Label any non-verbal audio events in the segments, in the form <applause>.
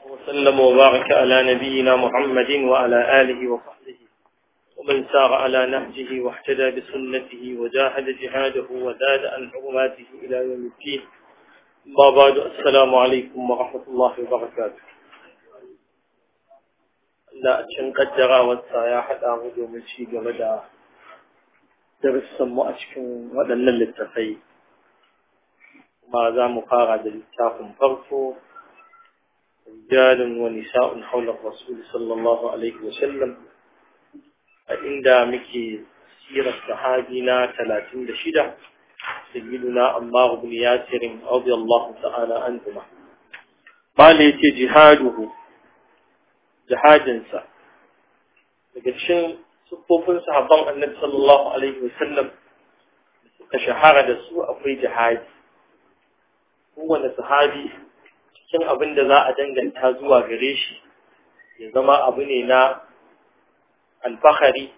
الله وسلم وبارك على نبينا محمد وعلى آله وصحبه ومن سار على نهجه واحتدى بسنته وجاهد جهاده وزاد عن حرماته إلى يوم الدين ما بعد السلام عليكم ورحمة الله وبركاته لا أتشن قدر والسياحة أعود يوم الشيء غدا درس مؤشكم ودلل التفيد ما ذا مقارنة للتاقم فرصه رجال ونساء حول الرسول صلى الله عليه وسلم فإن دامك سيرة صحابينا ثلاثين دشدة سيدنا عمار بن ياسر رضي الله تعالى عنهما قال جهاده جهادنسا daga cikin siffofin sahabban annabi sallallahu alaihi wasallam suka shahara da su akwai jihadi kowane sahabi cikin abin da za a danganta zuwa gare shi ya zama abu ne na alfahari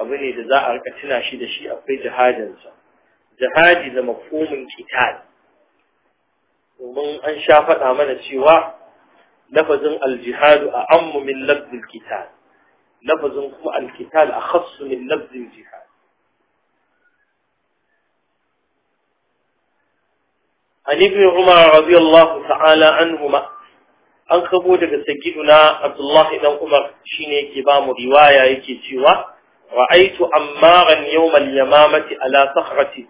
abu ne da za a rika tuna shi da shi akwai jihadinsa jihadi da mafhumin kitar domin an sha faɗa mana cewa lafazin aljihadu a ammumin min lafzin kitar lafazin kuma alkitar a khassu min lafzin jihad an ibn umar radiyallahu ta'ala anhuma an kabo daga sayyiduna abdullah dan umar shine yake ba mu riwaya yake cewa ra'aitu ammaran yawm al-yamamati ala sakhrati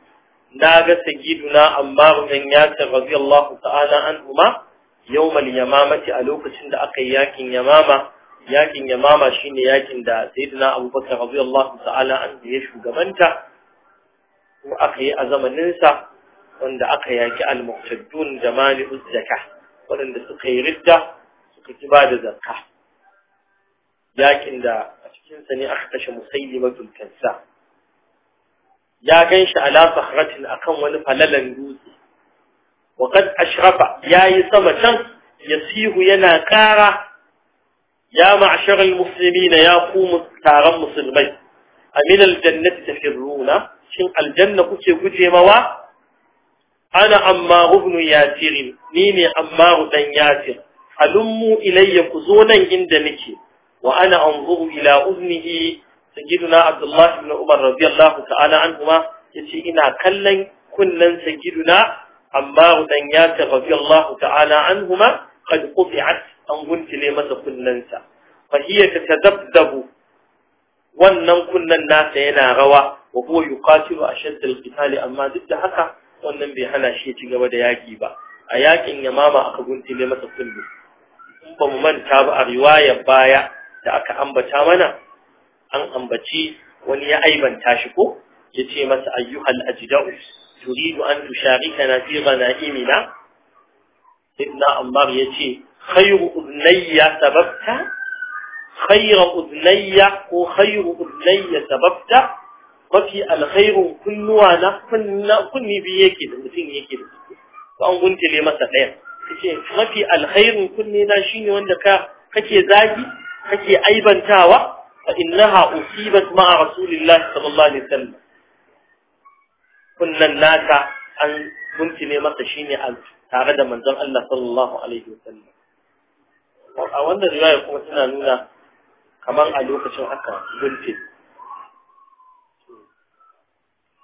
naga sayyiduna ammar dan yasir radiyallahu ta'ala anhuma yawm al-yamamati a lokacin da aka yi yakin yamama yakin yamama shine yakin da sayyidina abubakar radiyallahu ta'ala anhu ya shugabanta ko aka yi a zamaninsa wanda aka yaki al-muqtaddun da mali'uz zakah wanda suka yi ridda suka ci bada zakka yakin da a cikin sa ne aka kashe musaylimatul kansa ya ganshi ala sahratin akan wani falalan dutse wa qad ashrafa yayi sama can yasihu yana kara ya ma'shar al-muslimina ya qumu muslimai musulmai al jannati tafiruna shin al-janna kuke guje mawa ana amma ya tirin. ni ne amma dan yasir alummu ilayya ku zo nan inda nake wa ana anzuru ila uznihi sayyiduna abdullahi ibn umar radiyallahu ta'ala anhuma yace ina kallon kunnan sayyiduna amma dan yasir radiyallahu ta'ala anhuma qad quti'at an guntile masa kunnensa. fa hiya tatadabdabu wannan kunnan nasa yana rawa wa huwa yuqatilu ashadda al-qitali amma duk da haka wannan bai hana shi ci gaba da yaƙi ba a yaƙin mama aka guntule masa kullu in ba mu manta ba a riwayar baya da aka ambata mana an ambaci wani ya aibanta shi ko ya ce masa ayyuhal ajda'u turidu an tusharikana fi ghanaimina ibn ammar ya ce khayru udnayya sababta khayru udnayya ko khayru udnayya sababta mafi alkhairun kunnuwa na kunni biyu yake da mutum yake da su to an guntule masa ɗaya kace mafi alkhairun kunni na shine wanda ka kake zagi kake aibantawa fa innaha usibat ma'a rasulillahi sallallahu alaihi wasallam kunnan naka an guntule masa shine tare da manzon Allah sallallahu alaihi wasallam a wannan riwaya kuma tana nuna kamar a lokacin haka guntule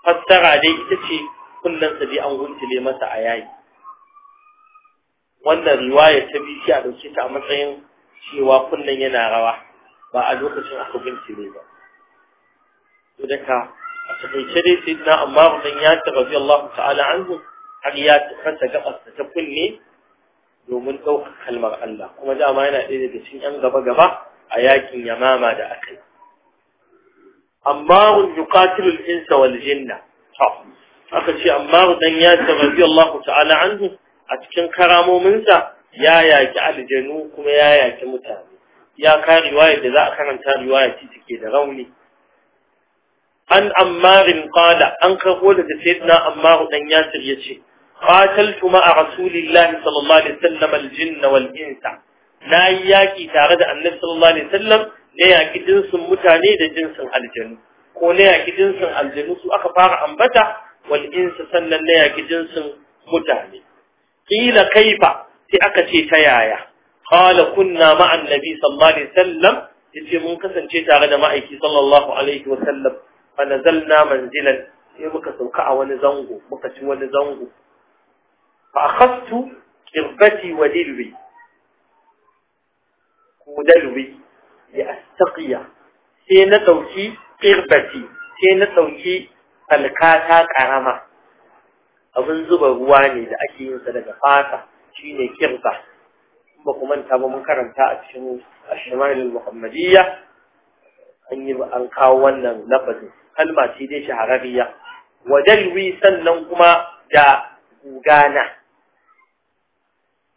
fassara dai ita ce kullum sa dai an guntule masa a yayi wannan riwaya ta biyu a dauke ta a matsayin cewa kullum yana rawa ba a lokacin aka guntule ba to ka a takaice dai sai na amma ban ya ta rabi Allah ta'ala anhu har ya fasa gabas ta kunne domin ɗaukar kalmar Allah kuma dama yana ɗaya daga cikin 'yan gaba-gaba a yakin yamama da aka ammarun yuqatilul insa wal jinna aka ce ammarun dan ya tabi Allah ta'ala anhu a cikin karamominsa ya yaki aljanu kuma ya yaki mutane ya ka riwaya da za a karanta riwaya ce take da rauni an ammarin qala an karbo daga sayyidina ammaru dan yasir yace قاتلت مع رسول الله صلى الله عليه وسلم الجن والإنس ناياكي تارد النبي صلى الله عليه وسلم na yaƙi jinsin mutane da jinsin aljanu ko na yaƙi jinsin aljanu su aka fara ambata wal insa sannan na yaƙi jinsin mutane kila kaifa sai aka ce ta yaya qala kunna ma'a annabi sallallahu alaihi wasallam yace mun kasance tare da ma'aiki sallallahu alaihi wasallam fa nazalna manzilan sai muka sauka a wani zango muka ci wani zango fa akhadtu irbati wa dilbi ku dalbi ya astaqiya sai na dauki qirbati sai na ɗauki alkata karama abin zuba ruwa ne da ake yin sa daga fata shine kirba ba ku manta ba mun karanta a cikin ashmailul muhammadiyya an yi an kawo wannan lafazin kalma ce dai shahararriya wajalwi sannan kuma da gugana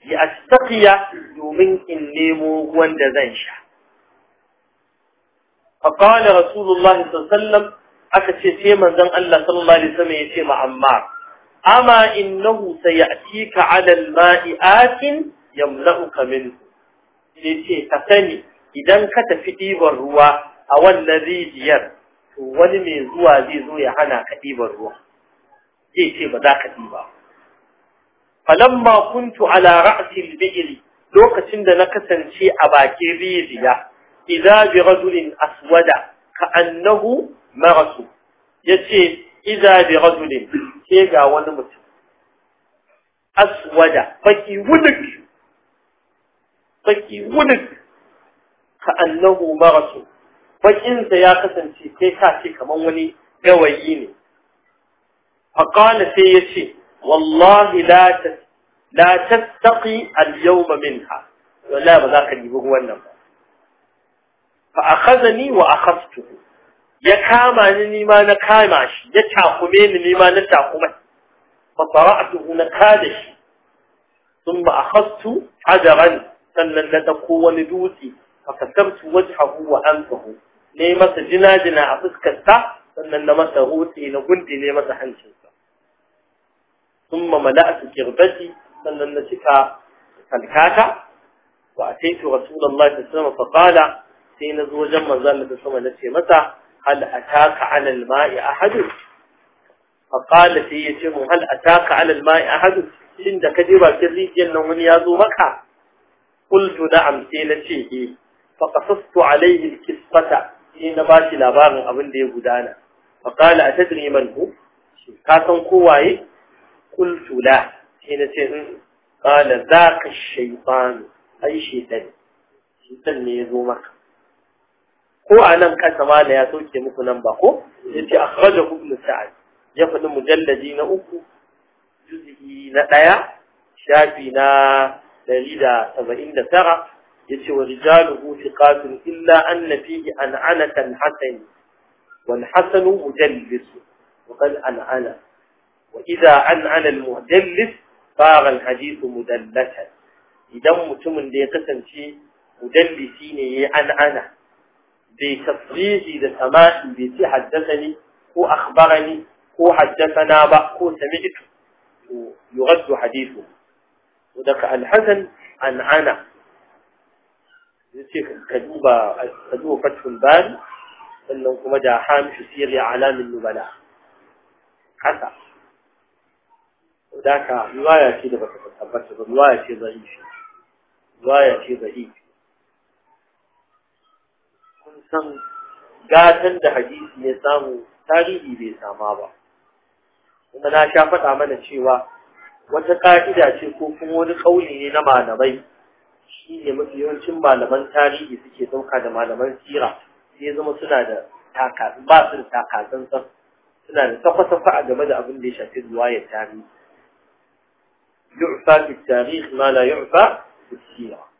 ya astaqiya domin in nemo ruwan da zan sha فقال رسول الله ce الله عليه وسلم أكتشي سيما زن الله صلى الله عليه وسلم يسيما عمار أما إنه سيأتيك على الماء آت يملأك منه yace ka sani idan ka tafi ɗiban ruwa a wannan rijiyar to wani mai zuwa zai zo ya hana ka ɗiban ruwa zai ce ba za ka ɗiba falamma kuntu ala ra'sil bi'ri lokacin da na kasance a bakin rijiya idza bi rajulin aswada ka annahu marasu yace idza bi rajulin ke ga wani mutum aswada baki wuluk baki wuluk ka annahu marasu bakin sa ya kasance kai ka ce kaman wani gawayi ne fa qala sai yace wallahi la tas la tattaqi al-yawma minha wallahi ba za ka dibi wannan ba fa akhazani wa akhaztuhu ya kama ni ni ma na kama shi ya takume ni ni ma na takume fa qara'tuhu na kada shi thumma akhaztu hajaran sannan na dauko wani dutse fa kasamtu wajhahu wa anfahu ne masa jinajina a fuskarsa sannan na masa hutse na gundi ne masa hancinsa thumma mala'tu qirbati sannan na cika kalkata wa ataitu rasulullahi sallallahu alaihi wasallam fa qala sai na zo wajen manzon Allah ta sama ce masa hal ataka ala al-ma'i ahad fa qala fi yace mu hal ataka ala al-ma'i ahad shin da kaje bakin rijiyar nan wani ya zo maka qultu da'am sai ce eh fa qasastu alayhi al-qisfata sai na ba shi labarin abin da ya gudana fa qala atadri man hu ka san ko waye qultu la sai na ce mm. qala zaka shaytan ai shaytan shaytan ne ya zo maka ko a nan kasa ma da ya sauke muku nan ba ko ya ce akhraja ibn sa'ad ya faɗi mujalladi na uku juz'i na ɗaya shafi na ɗari da saba'in da tara ya ce wa rijaluhu thiqatun illa anna fihi an'anatan hasan wal hasanu mujallisu wa qad an'ana وإذا أنعن المدلس صار الحديث مدلسا idan mutumin da ya kasance mujallisi ne ya an'ana بتصريحي ده سماعي بيتي حدثني هو أخبرني هو حدثنا بقى هو سمعته يغد حديثه ودك الحسن عن عنا كدوبة كدوبة فتح البال أنه كما جاء حامش سيري أعلام النبلاء حسن وذاك رواية كده بس رواية ضعيفة رواية ضعيفة san gatan da hadisi ya samu tarihi bai sama ba kuma na sha faɗa mana cewa wata ƙa'ida ce ko kuma wani ƙauli ne na malamai shi ne mafi yawancin malaman tarihi suke ɗauka da malaman sira sai zama suna da taka ba su da san suna da sakwa a game da abin da ya shafi riwayar tarihi yu'fa bi tarihi ma la yu'fa bi sira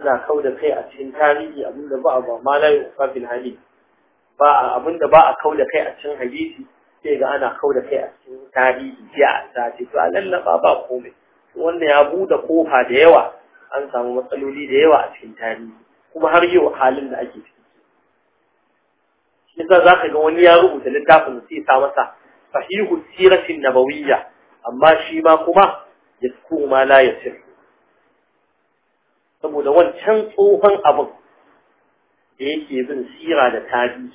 ana kau da kai a cikin tarihi abinda ba a ba ma la yuqa fil hadith ba abinda ba a kau da kai a cikin hadisi sai ga ana kau da kai a cikin tarihi ya ta ce to lallaba ba komai wannan ya bude kofa da yawa an samu matsaloli da yawa a cikin tarihi kuma har yau halin da ake ciki yasa za ka ga wani ya rubuta littafin sai sa masa sahihu siratin nabawiyya amma shi ma kuma yasku ma la yasir saboda wancan tsohon abin da yake bin sira da tarihi mutum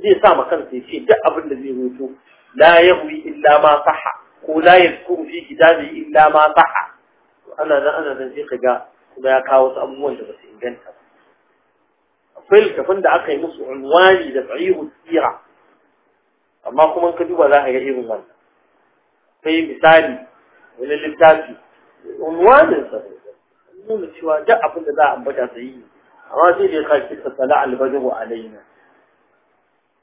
zai sa ma kansa ya ce duk abin da zai rubuto la yahwi illa ma saha ko la yadkuru fi kitabi illa ma saha ana nan ana nan sai ga kuma ya kawo wasu abubuwan da ba su inganta ba akwai littafin da aka yi musu unwani da sahihu sira amma kuma ka duba za ka ga irin wannan sai misali wani littafi unwanin sa ne nuna cewa duk abin da za a ambata su yi amma sai da ya sa kisa sala albajaru alaina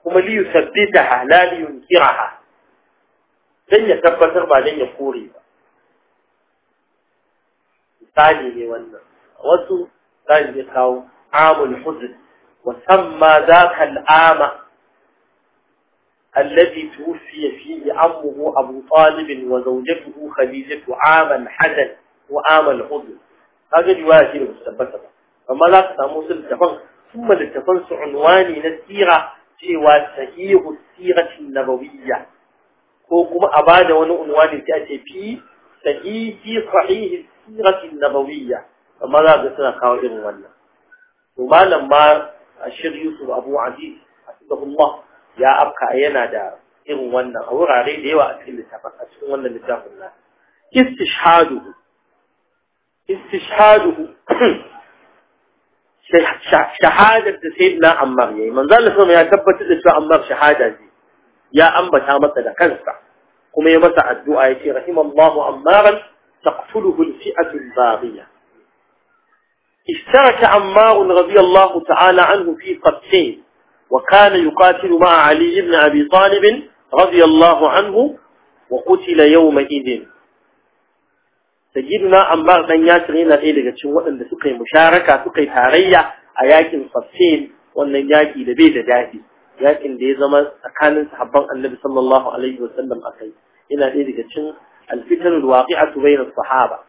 kuma li yusabbitaha la li yunkiraha dan ya tabbatar ba dan ya kore ba misali ne wannan wasu zai ya kawo amul hudud wa samma zaka al'ama الذي توفي فيه عمه أبو طالب وزوجته خديجة عاما حدث وعام الحدث kaga riwaya ce da su tabbata ba amma za ka samu su littafan kuma littafan su unwani na sira cewa sahihu siratin nabawiyya ko kuma a bada wani unwani sai a ce fi sahihi sahihi siratin nabawiyya amma za ka suna kawo irin wannan to malam ma ashir yusuf abu aziz Allah ya afka yana da irin wannan a wurare da yawa a cikin littafin a cikin wannan littafin na istishhadu استشهاده <clears throat> شهادة سيدنا عمار يعني من ذا لسنا يا ثبت عمار شهادة دي يا أمة شامت لك أنت قم يمسع الدعاء في رحم الله عمارا تقتله الفئة الباغية اشترك عمار رضي الله تعالى عنه في قتلين وكان يقاتل مع علي بن أبي طالب رضي الله عنه وقتل يومئذ سيدنا تجدنا أنباء من ياسرين الإلغة وأن سقي مشاركة سقي تارية أياكين فتين وأن ياكي لبيد جاهي لكن دي زمان أكان سحبان النبي صلى الله عليه وسلم أكي إلى الإلغة الفتن الواقعة بين الصحابة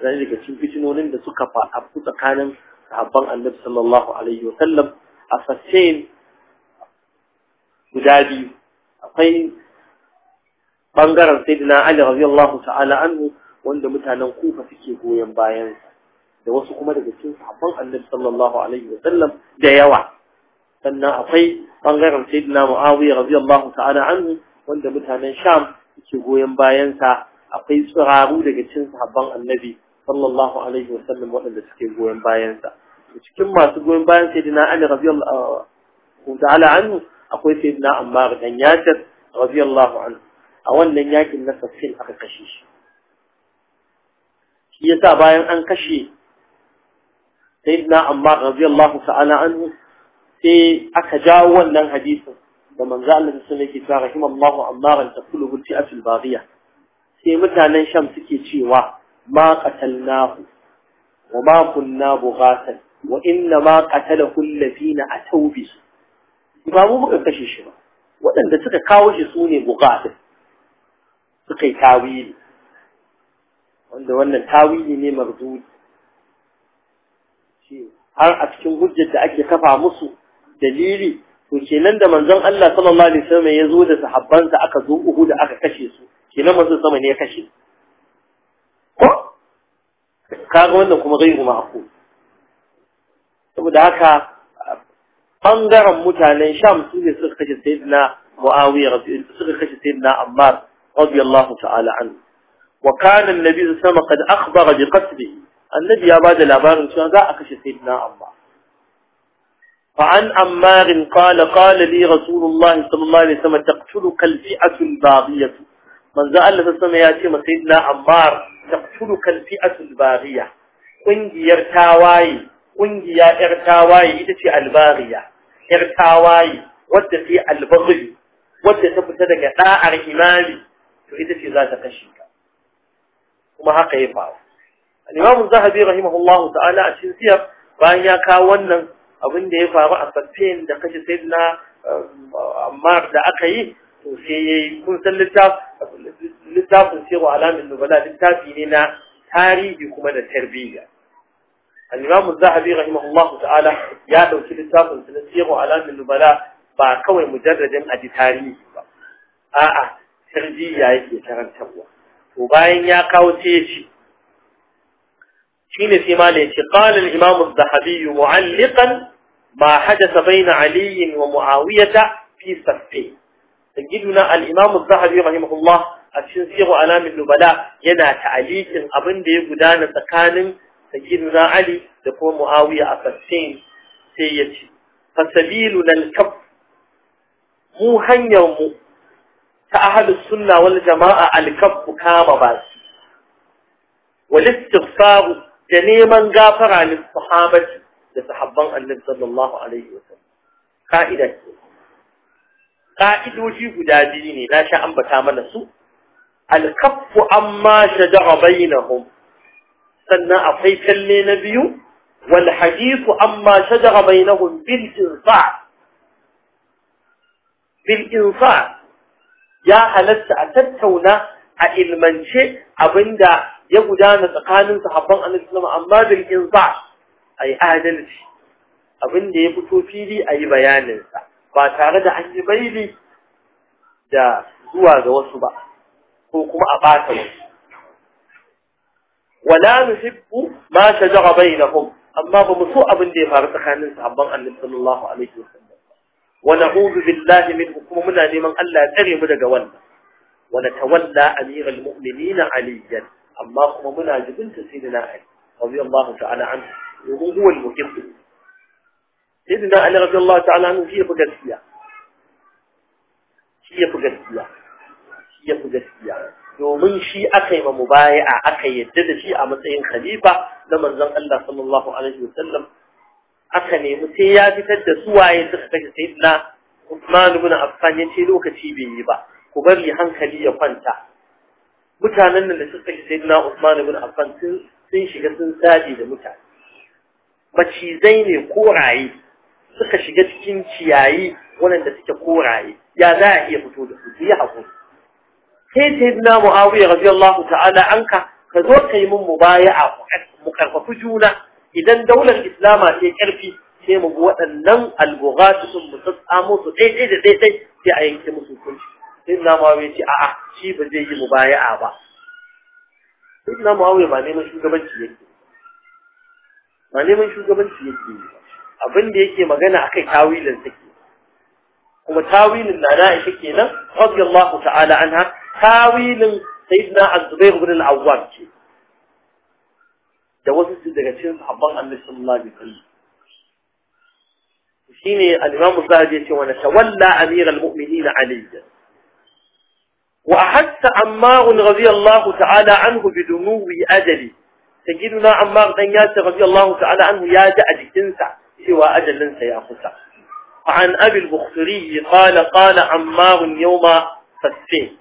الإلغة فتنون لسقى فأبقوت أكان سحبان النبي صلى الله عليه وسلم أفتين مجادي أقين بانغران سيدنا علي رضي الله تعالى عنه wanda mutanen kufa suke goyon bayan da wasu kuma daga cikin sahabban annabi sallallahu alaihi wa sallam da yawa sannan akwai bangaren sayyidina muawiya radiyallahu ta'ala anhu wanda mutanen sham suke goyon bayan sa akwai tsiraru daga cikin sahabban annabi sallallahu alaihi wa sallam waɗanda suke goyon bayan sa cikin masu goyon bayan sayyidina ali radiyallahu uh, ta'ala anhu akwai sayyidina ammar dan yasir radiyallahu anhu a wannan yakin na safin aka kashe shi shi yasa bayan an kashe sayyidina amma radiyallahu ta'ala anhu sai aka jawo wannan hadisin da manzo Allah sun yake cewa rahimallahu Ammaran taqulu fi'atul baghiya sai mutanen Sham suke cewa ma qatalnahu wa ma kunna bughatan wa inna ma qatalahu allazina ataw bi ba mu muka kashe shi ba waɗanda suka kawo shi sune bughat suka yi tawili wanda wannan tawili ne mardud har a cikin hujjar da ake kafa musu dalili to kenan da manzon Allah sallallahu alaihi wasallam ya zo da sahabbansa aka zo uhu da aka kashe su kenan manzon sama ne ya kashe ko kaga wannan kuma gairu ma aku saboda haka bangaren mutanen sham su ne suka kashe sayyidina muawiya rabbi suka kashe sayyidina ammar radiyallahu ta'ala anhu wa kana annabi sama kad akhbara bi qatli annabi ya bada labarin cewa za a kashe sayyidina amma fa an ammar qala qala li rasulullahi sallallahu alaihi wasallam taqtulu kal fi'atu al baghiyah manzo allah ya ce ma sayyidina ammar taqtulu kal fi'atu al tawaye ƙungiya yar tawaye ita ce al baghiyah yar tawaye wadda fi al baghi wadda ta fita daga da'ar imami to ita ce za ta kashe ka kuma haka ya faru al-imam zahabi rahimahullahu ta'ala a cikin siyar bayan ya kawo wannan abin da ya faru a Spain da kashe sayyidina uh, Ammar da aka yi to sai kun san littafin sirru alamin nubala littafi ne na tarihi kuma da tarbiyya al-imam zahabi rahimahullahu ta'ala ya dauki littafin sa sirru alamin nubala ba kawai mujarradin aji tarihi ba a'a tarbiyya yake karantarwa to bayan ya kawo sai ya ce shine sai ma ne ce qala al-imam az-zahabi mu'alliqan ma hadatha bayna ali wa muawiyah fi safi na al-imam az-zahabi rahimahullah a cikin siru alamin nubala yana ta'alikin abin da ya gudana tsakanin sayyiduna ali da kuma muawiya a safi sai ya ce fasabilu lal kaf mu hanyar mu ta ahalus sunna wal jama'a alkaffu kama baki wal istighfaru da neman gafara lil sahabati da sahabban annabi sallallahu alaihi wa wasallam ka'ida ce ka'idoji guda biyu ne na sha ambata mana su alkaffu amma shaja'a bainahum sannan akwai kalle na biyu wal hadithu amma shaja'a bainahum bil irfa bil irfa ya halatta a tattauna a ilmance abinda ya gudana tsakanin sahabban annabi sallallahu amma bil insa ai adalci abinda ya fito fili a yi bayaninsa ba tare da an yi baili da zuwa ga wasu ba ko kuma a ɓata wasu wala nuhibbu ma shajara bainahum amma ba mu so abin da ya faru tsakanin sahabban annabi sallallahu alaihi wasallam ونعوذ بالله من حكمنا لمن الله تريم دغ ولا ونتولى امير المؤمنين عليا اللهم منا جبن سيدنا علي رضي الله تعالى عنه وهو المكتب سيدنا علي رضي الله تعالى عنه في بغدسيا في بغدسيا في بغدسيا domin shi akai mabaya akai yadda shi a matsayin khalifa da manzon Allah sallallahu alaihi wasallam aka nemi sai ya fitar da suwaye suka kashe sayyidina Usman ibn Affan yace lokaci bai yi ba ku bari hankali ya kwanta mutanen nan da suka kashe Usman ibn Affan sun shiga sun saje da mutane macizai ne koraye suka shiga cikin ciyayi waɗanda suke koraye ya za a iya fito da su yi haƙuri sai sayyidina Muawiya radiyallahu ta'ala anka ka zo ka yi min mubaya'a mu karfafi juna idan daular islama ce karfi sai mu waɗannan albughatu sun mu tsamo su daidai da daidai sai a yanke musu hukunci sai na mawai ce a'a shi ba zai yi mubaya'a ba sai na mawai ba neman shugabanci yake ba neman shugabanci yake abin da yake magana akai tawilin take kuma tawilin na na ita kenan radiyallahu ta'ala anha tawilin sayyidina az-zubair ibn al-awwam ce جوزت سيدك سيدك حبار أمي صلى الله عليه وسلم الإمام الزهدي يتوانا تولى أمير المؤمنين علي وأحس عمار رضي الله تعالى عنه بدموه أجلي سيدنا عمار دنياس رضي الله تعالى عنه يا جأجي تنسع سوى أجل لنسى يا خسع وعن أبي البخصري قال قال عمار يوم فالسين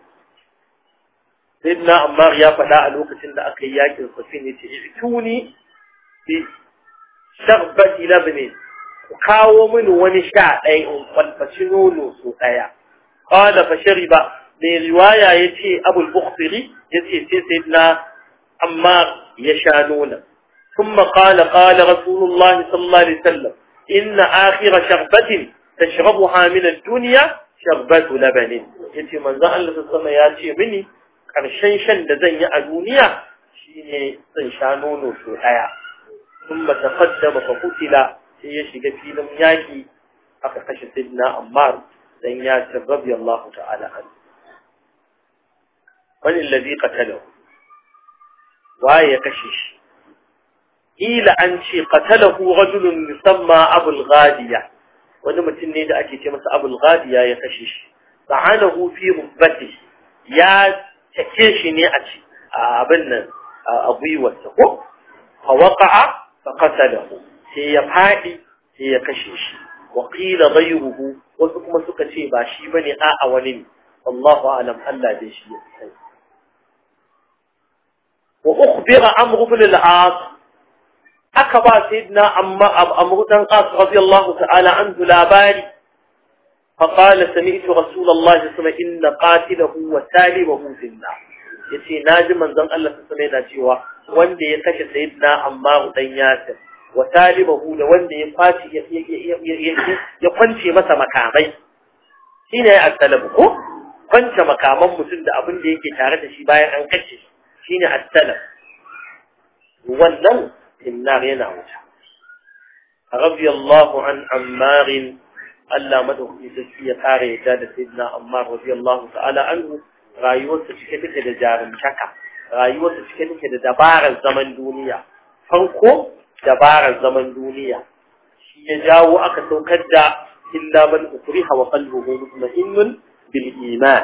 سيدنا عمار يا فلا ألوك سند أكياك الخفين تجعتوني بشربة لبنين وقاو من ونشاء أي أنفل فشنونو سوكايا قال فشربة من رواية يتي أبو البخطري يتي سيدنا عمار يشانون ثم قال قال رسول الله صلى الله عليه وسلم إن آخر شربة تشربها من الدنيا شربة لبنين يتي من ذا الله سيدنا يأتي مني ƙarshen shan da zan yi a duniya shine zan sha nono so kuma ta fadda ba ku kila sai ya shiga filin yaki aka kashe sidna ammar dan ya tabbabi Allah ta'ala an wani alladhi qatalahu waye ya kashe shi ila an ce qatalahu rajulun musamma abul ghadiya wani mutum ne da ake ce masa abul ghadiya ya kashe shi ta'anahu fi rubbati ya take shi ne a ci a abin nan a gwiwarsa ko fa waqa'a fa qatalahu sai ya fadi sai ya kashe shi wa qila ghayruhu wasu kuma suka ce ba shi bane a a wani ne Allahu a'lam Allah dai shi ya sai wa ukhbira amr ibn al aka ba sayyidina amma amr dan qas radiyallahu ta'ala anhu labari فقال سمعت رسول الله صلى الله عليه وسلم إن قاتله وسالبه في النار yace naji manzon Allah sallallahu alaihi wasallam cewa wanda ya kashe sayyidina Ammar dan Yasir wa talibahu da wanda ya kwaci ya kwance masa makamai shine at-talab ko kwance makaman mutum da abin da yake tare da shi bayan an kashe shi shine at-talab wannan innar yana wuta radiyallahu an ammarin Allah madaukakin sarki ya kare yadda da sayyidina Ammar radiyallahu ta'ala anhu rayuwarsa cike take da jarumtaka rayuwarsa cike take da dabarar zaman duniya farko dabarar zaman duniya shi ya jawo aka saukar da illa man ukriha wa qalbuhu mutma'innun bil iman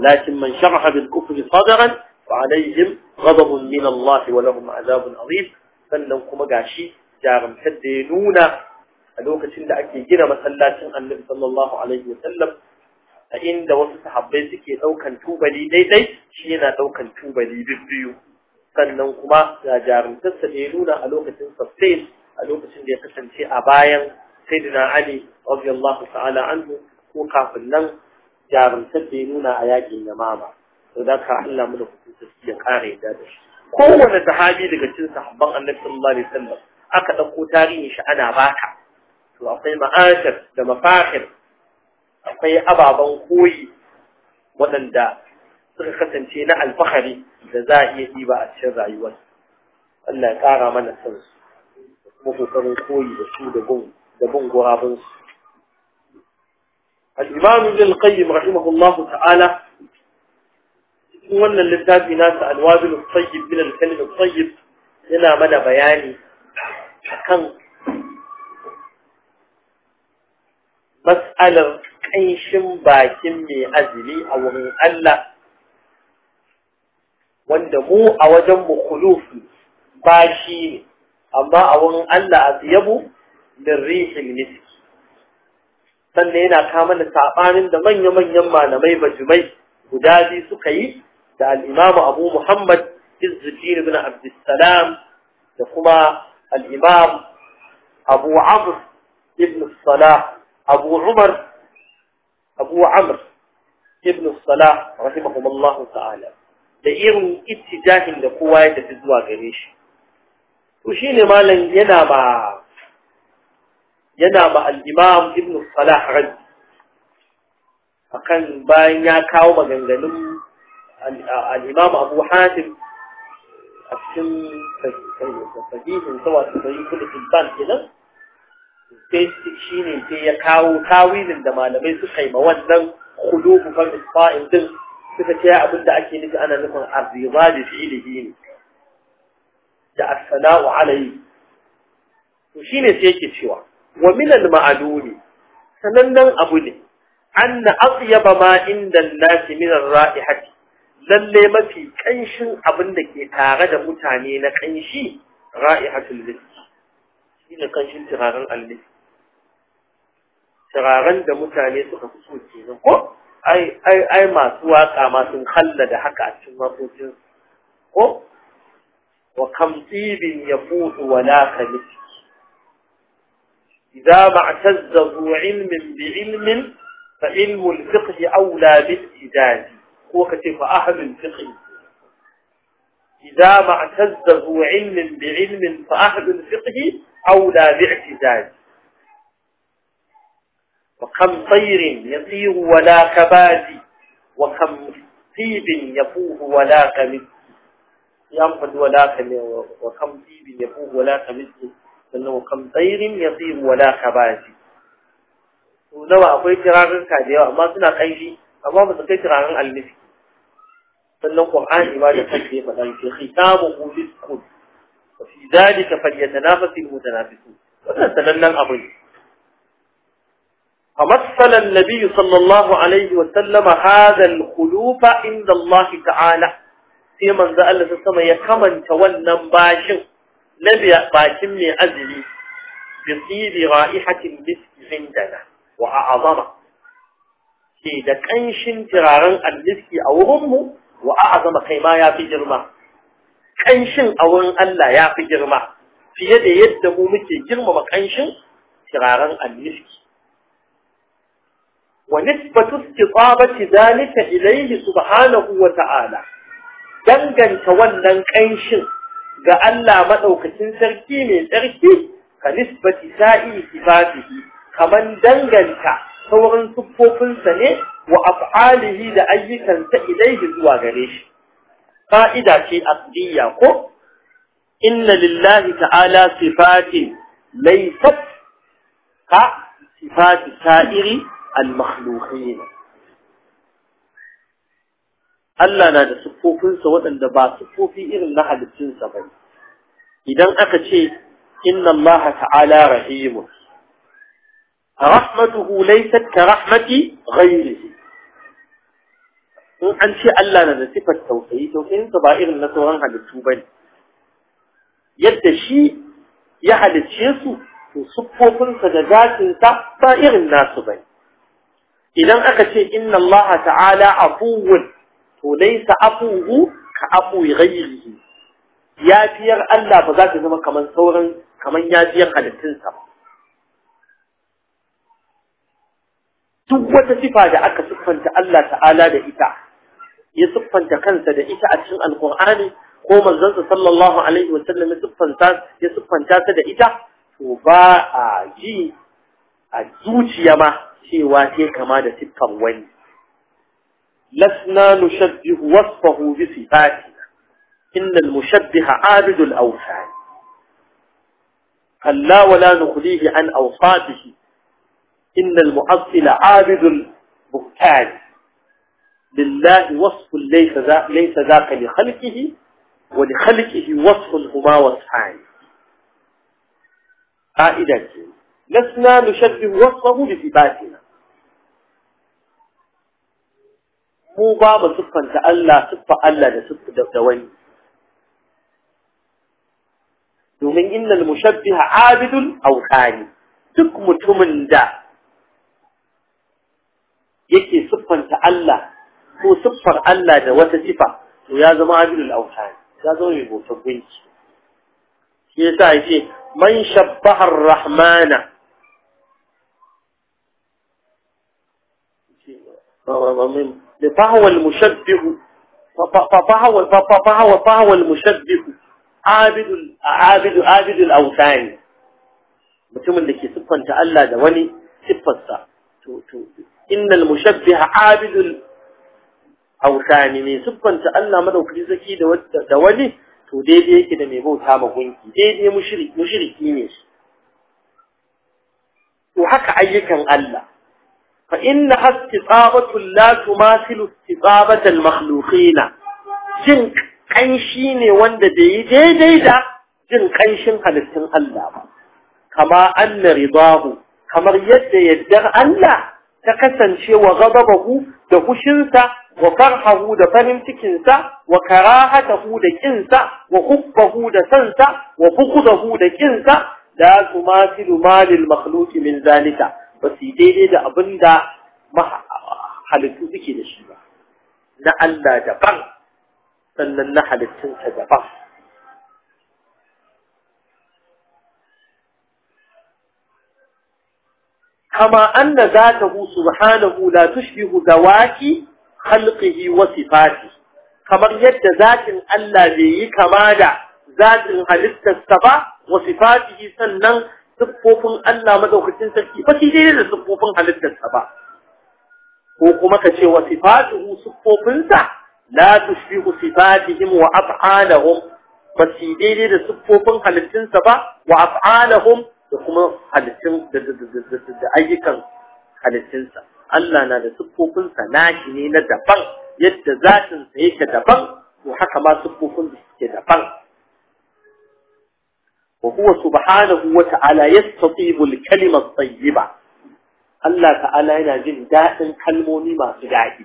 walakin man sharaha bil kufri sadran fa alaihim ghadabun min Allah wa lahum azabun azim sannan kuma gashi jarumtar da ya nuna a lokacin da ake gina masallacin annabi sallallahu alaihi wa sallam a inda wasu sahabbai suke daukan tubali daidai shi yana daukan tubali biyu sannan kuma ga jarumtarsa da ya nuna a lokacin sassain a lokacin da ya kasance a bayan sayyidina ali radiyallahu ta'ala anhu ko kafin nan jarumtar da ya nuna a yakin yamama to da ka Allah mu da kuɗi ya kare da shi kowane sahabi daga cikin sahabban annabi sallallahu alaihi wasallam aka ɗauko tarihin shi ana ta. to akwai ma'ashar da mafahir akwai ababen koyi waɗanda suka kasance na alfahari da za a iya ɗiba a cikin rayuwar Allah ya ƙara mana san su kuma kokarin koyi da su da gun da gun gurabun su al-imam ibn qayyim rahimahullah ta'ala cikin wannan littafi nasa al-wabil tayyib min al-kalim tayyib yana mana bayani akan matsalar ƙanshin bakin mai azumi a wurin Allah wanda mu a wajen mu bashi ba shi ne amma a wurin Allah mu, min rihil miski sannan yana kama da saɓanin da manya-manyan malamai bajumai guda biyu suka yi da al'imamu abu muhammad izzuddin bin abdussalam da kuma al'imam abu abu ibn salah أبو عمر أبو عمرو ابن الصلاح رحمهم الله تعالى da irin ittijahin da kowa ya tafi zuwa gare shi to shine malam yana ba yana ba al-imam ibn salah rad akan bayan ya kawo maganganun al-imam abu hatim a cikin sahihin sawa sahihin kullu tibban kenan sai shi ne sai ya kawo tawilin da malamai suka yi ma wannan khulubu fal isfa'in din suka ce abin da ake nufi ana nufin arziba da fi'ilihi ne da as-sana'u alayhi to shine sai yake cewa wa min al-ma'lumi sanannen abu ne anna atyaba ma inda an nas min ar-ra'ihati lalle mafi kanshin abin da ke tare da mutane na kanshi ra'ihatul lisan shine kanshin turaren almiski turaren da mutane suka fi so kenan ko ai ai ai masu waka ma sun kalla da haka a cikin wakokin ko wa kam tibin yafudu wa la kalifi idza ma'tazzu ilmin bi ilmin fa ilmu al-fiqh awla bi al-ijdad ko kace fa ahli al-fiqh إذا ما ilmin bi ilmin fa ahlu al أولى باعتزاز وكم طير يطير ولا كبادي وكم طيب يفوه ولا كمد ينفد ولا كمد وكم طيب يفوه ولا كمد وكم طير يطير ولا كبادي nawa akwai ka da yawa amma suna ƙanshi amma ba su kai kirarin almiski sannan qur'ani ba da kake faɗa shi khitamu liskun وفي ذلك فليتنافس المتنافسون وتتلنى الأمر فمثل النبي صلى الله عليه وسلم هذا الخلوف عند الله تعالى في من ذا الله سلم يكمن تولى باش نبي باشم من أجلي بطيب رائحة المسك عندنا وأعظم في دكانش ترارا المسك أو غمه وأعظم خيما يا في جرمه ƙanshin a wurin Allah ya fi girma fiye da yadda mu muke girmama ƙanshin turaren anniski. wa nisbatu istitabati zalika ilayhi subhanahu wa ta'ala danganta wannan ƙanshin ga Allah madaukakin sarki mai tsarki ka nisbati sa'i sifatihi kaman danganta saurin siffofinsa ne wa af'alihi da ayyukansa ilayhi zuwa gare shi قائدة شيء أقدية إن لله تعالى صفات ليست كصفات سائر المخلوقين Allah na da siffofinsa waɗanda ba siffofi irin na halittunsa ba idan aka ce inna Allah ta'ala rahimun rahmatuhu laysat ka rahmati ghayrihi in an ce Allah na da sifar tausayi tausayin sa ba irin na sauran halittu ne. yadda shi ya halicce su to siffofin da zatin ba irin nasu ba. idan aka ce inna Allah ta'ala afuwun to laysa afuhu ka afu ghayrihi yafiyar Allah ba za ta zama kamar sauran kamar yafiyar halittun ba duk wata sifa da aka siffanta Allah ta'ala da ita يسقطن كنت ده إيش أشين قوم الزنس صلى الله عليه وسلم يسقطن تاس يسقطن تاس ده إيش فباع جي أزوج يما شواتي كمادة تطوين لسنا نشبه وصفه بصفاتنا إن المشبه عابد الأوثان فلا ولا نخليه عن أوصاته إن المؤصل عابد البكان لله وصف ليس ذا ليس ذاك لخلقه ولخلقه وصف هما وصفان قاعدة لسنا نشبه وصفه لصفاتنا مو بابا صفا تألا صفا ألا لصف دوين دومين إن المشبه عابد أو خالي تكمتم الداء يكي صفا تألا ko siffar Allah da wata sifa to ya zama abidul awhan ya zama mai bautar gunki shi yasa yake man shabbaha ar-rahmana فهو المشبه فهو فهو فهو المشبه عابد عابد عابد الاوثان mutumin da ke siffanta Allah da wani siffarsa to to innal mushabbiha abidul hausani mai siffanta Allah madaukaki zaki da wani to daidai yake da mai bauta ma gunki daidai mushriki ne shi to haka ayyukan Allah fa inna istibabatu la tumathilu istibabata al-makhluqina jin kanshi ne wanda bai daidai da jin kanshin halittun Allah ba kama anna ridahu kamar yadda yaddar Allah ta kasancewa ghadabahu da kushinsa wa farhahu da farin cikinsa wa karahatahu da kinsa wa hubbahu da sansa wa bughdahu da kinsa la tumasilu malil makhluq min zalika ba su daidai da abinda halittu suke da shi ba na Allah daban sannan na halittunsa daban kama anna zatahu subhanahu la tushbihu zawaki khalqihi wa sifati kamar yadda zakin Allah bai yi kama da zatin halittarsa ba wa sifatihi sannan siffofin Allah madaukakin sarki ba shi dai da siffofin halittarsa ba ko kuma ka ce wa sifatuhu siffofinsa la tushbihu sifatihim wa af'alahum ba shi dai da siffofin halittinsa ba wa af'alahum da kuma halittun da ayyukan halittunsa Allah na da siffofinsa nashi ne na daban yadda zatinsa yake daban to haka ma siffofin da suke daban wa huwa subhanahu wa ta'ala yastatibu al-kalima tayyiba Allah ta'ala yana jin daɗin kalmomi masu daɗi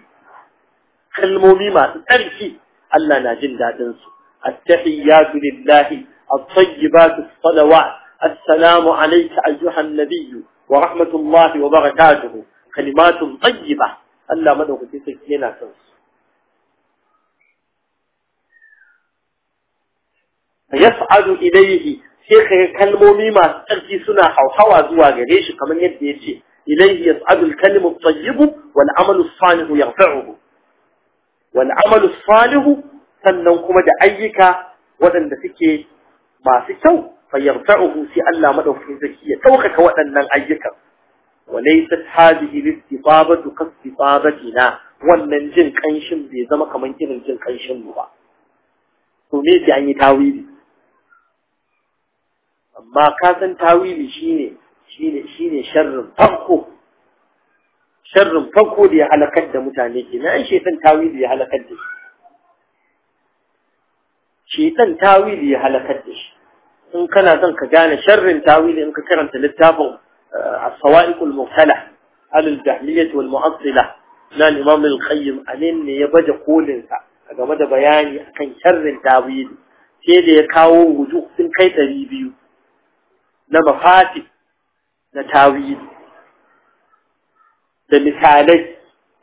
kalmomi masu tsarki Allah na jin daɗin su at-tahiyyatu lillahi at-tayyibatu as-salawat السلام عليك أيها النبي ورحمة الله وبركاته كلمات طيبة ألا من هو في سكينة يفعل إليه شيخ كلمومي ما تركي سنة أو حوى زواج ليش كمان يدي يجي إليه يفعل الكلم الطيب والعمل الصالح يرفعه والعمل الصالح سنة كمد أيك ودن دفكي ما في شوق فيرفعه في ألا مدوك إزكية توقك وأن الأيكا وليست هذه الاستطابة كاستطابتنا وأن جن كنشن بي من جن الجن كنشن بها سميت يعني تاويلي أما كاسن تاويلي شيني شيني شيني شر فنكو شر فنكو لي على قد متانيكي ما أنشي فن تاويلي على كدش شيطان تاويلي على كدش in kana son ka gane sharrin tawili in ka karanta littafin eh, as-sawa'iq al-mubtala al-jahmiyyah wal-mu'attila na imam al-qayyim anin ne ya baje kolin sa game da bayani akan sharrin tawili sai da ya kawo wuju sun kai 200 na mafati na tawili da misalai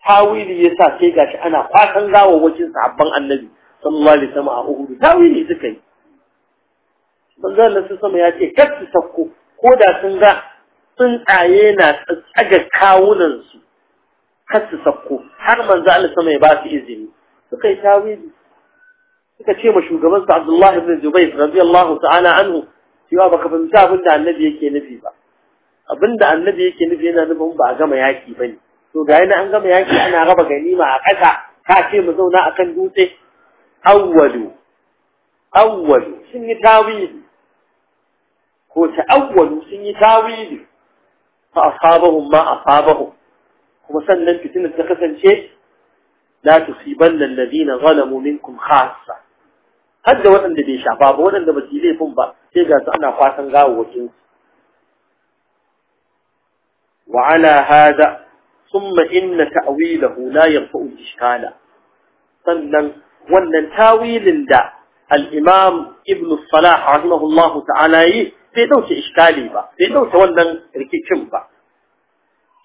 tawili sa sai gashi ana kwasan wajen sahabban annabi sallallahu alaihi wasallam a Uhud tawili suka yi manzo Allah su sama ya ce kar su sakko ko da sun ga Sun tsaye na tsaga kawunan su kar su sakko har manzo Allah sama ya ba su izini suka yi tawili suka ce ma shugaban su Abdullah ibn Zubayr radiyallahu ta'ala anhu cewa baka fahimci abin da annabi yake nufi ba abin da annabi yake nufi yana nufin ba a gama yaki bane to ga yana an gama yaki ana raba ganima a ƙasa ka ce mu zauna akan dutse awwalu awwalu sun yi tawili هو تأول سني تاويل فأصابهم ما أصابهم هم سنن في سنة تخسن شيء لا تصيبن الذين ظلموا منكم خاصة هذا هو أن دي شعباب هو أن دي ليه فنبا تيجا سأنا فاسن غاو وعلى هذا ثم إن تأويله لا يرفع الإشكال سنن وأن تاويل دا الإمام ابن الصلاح رحمه الله تعالى bai dauke iskali ba bai dauke wannan rikicin ba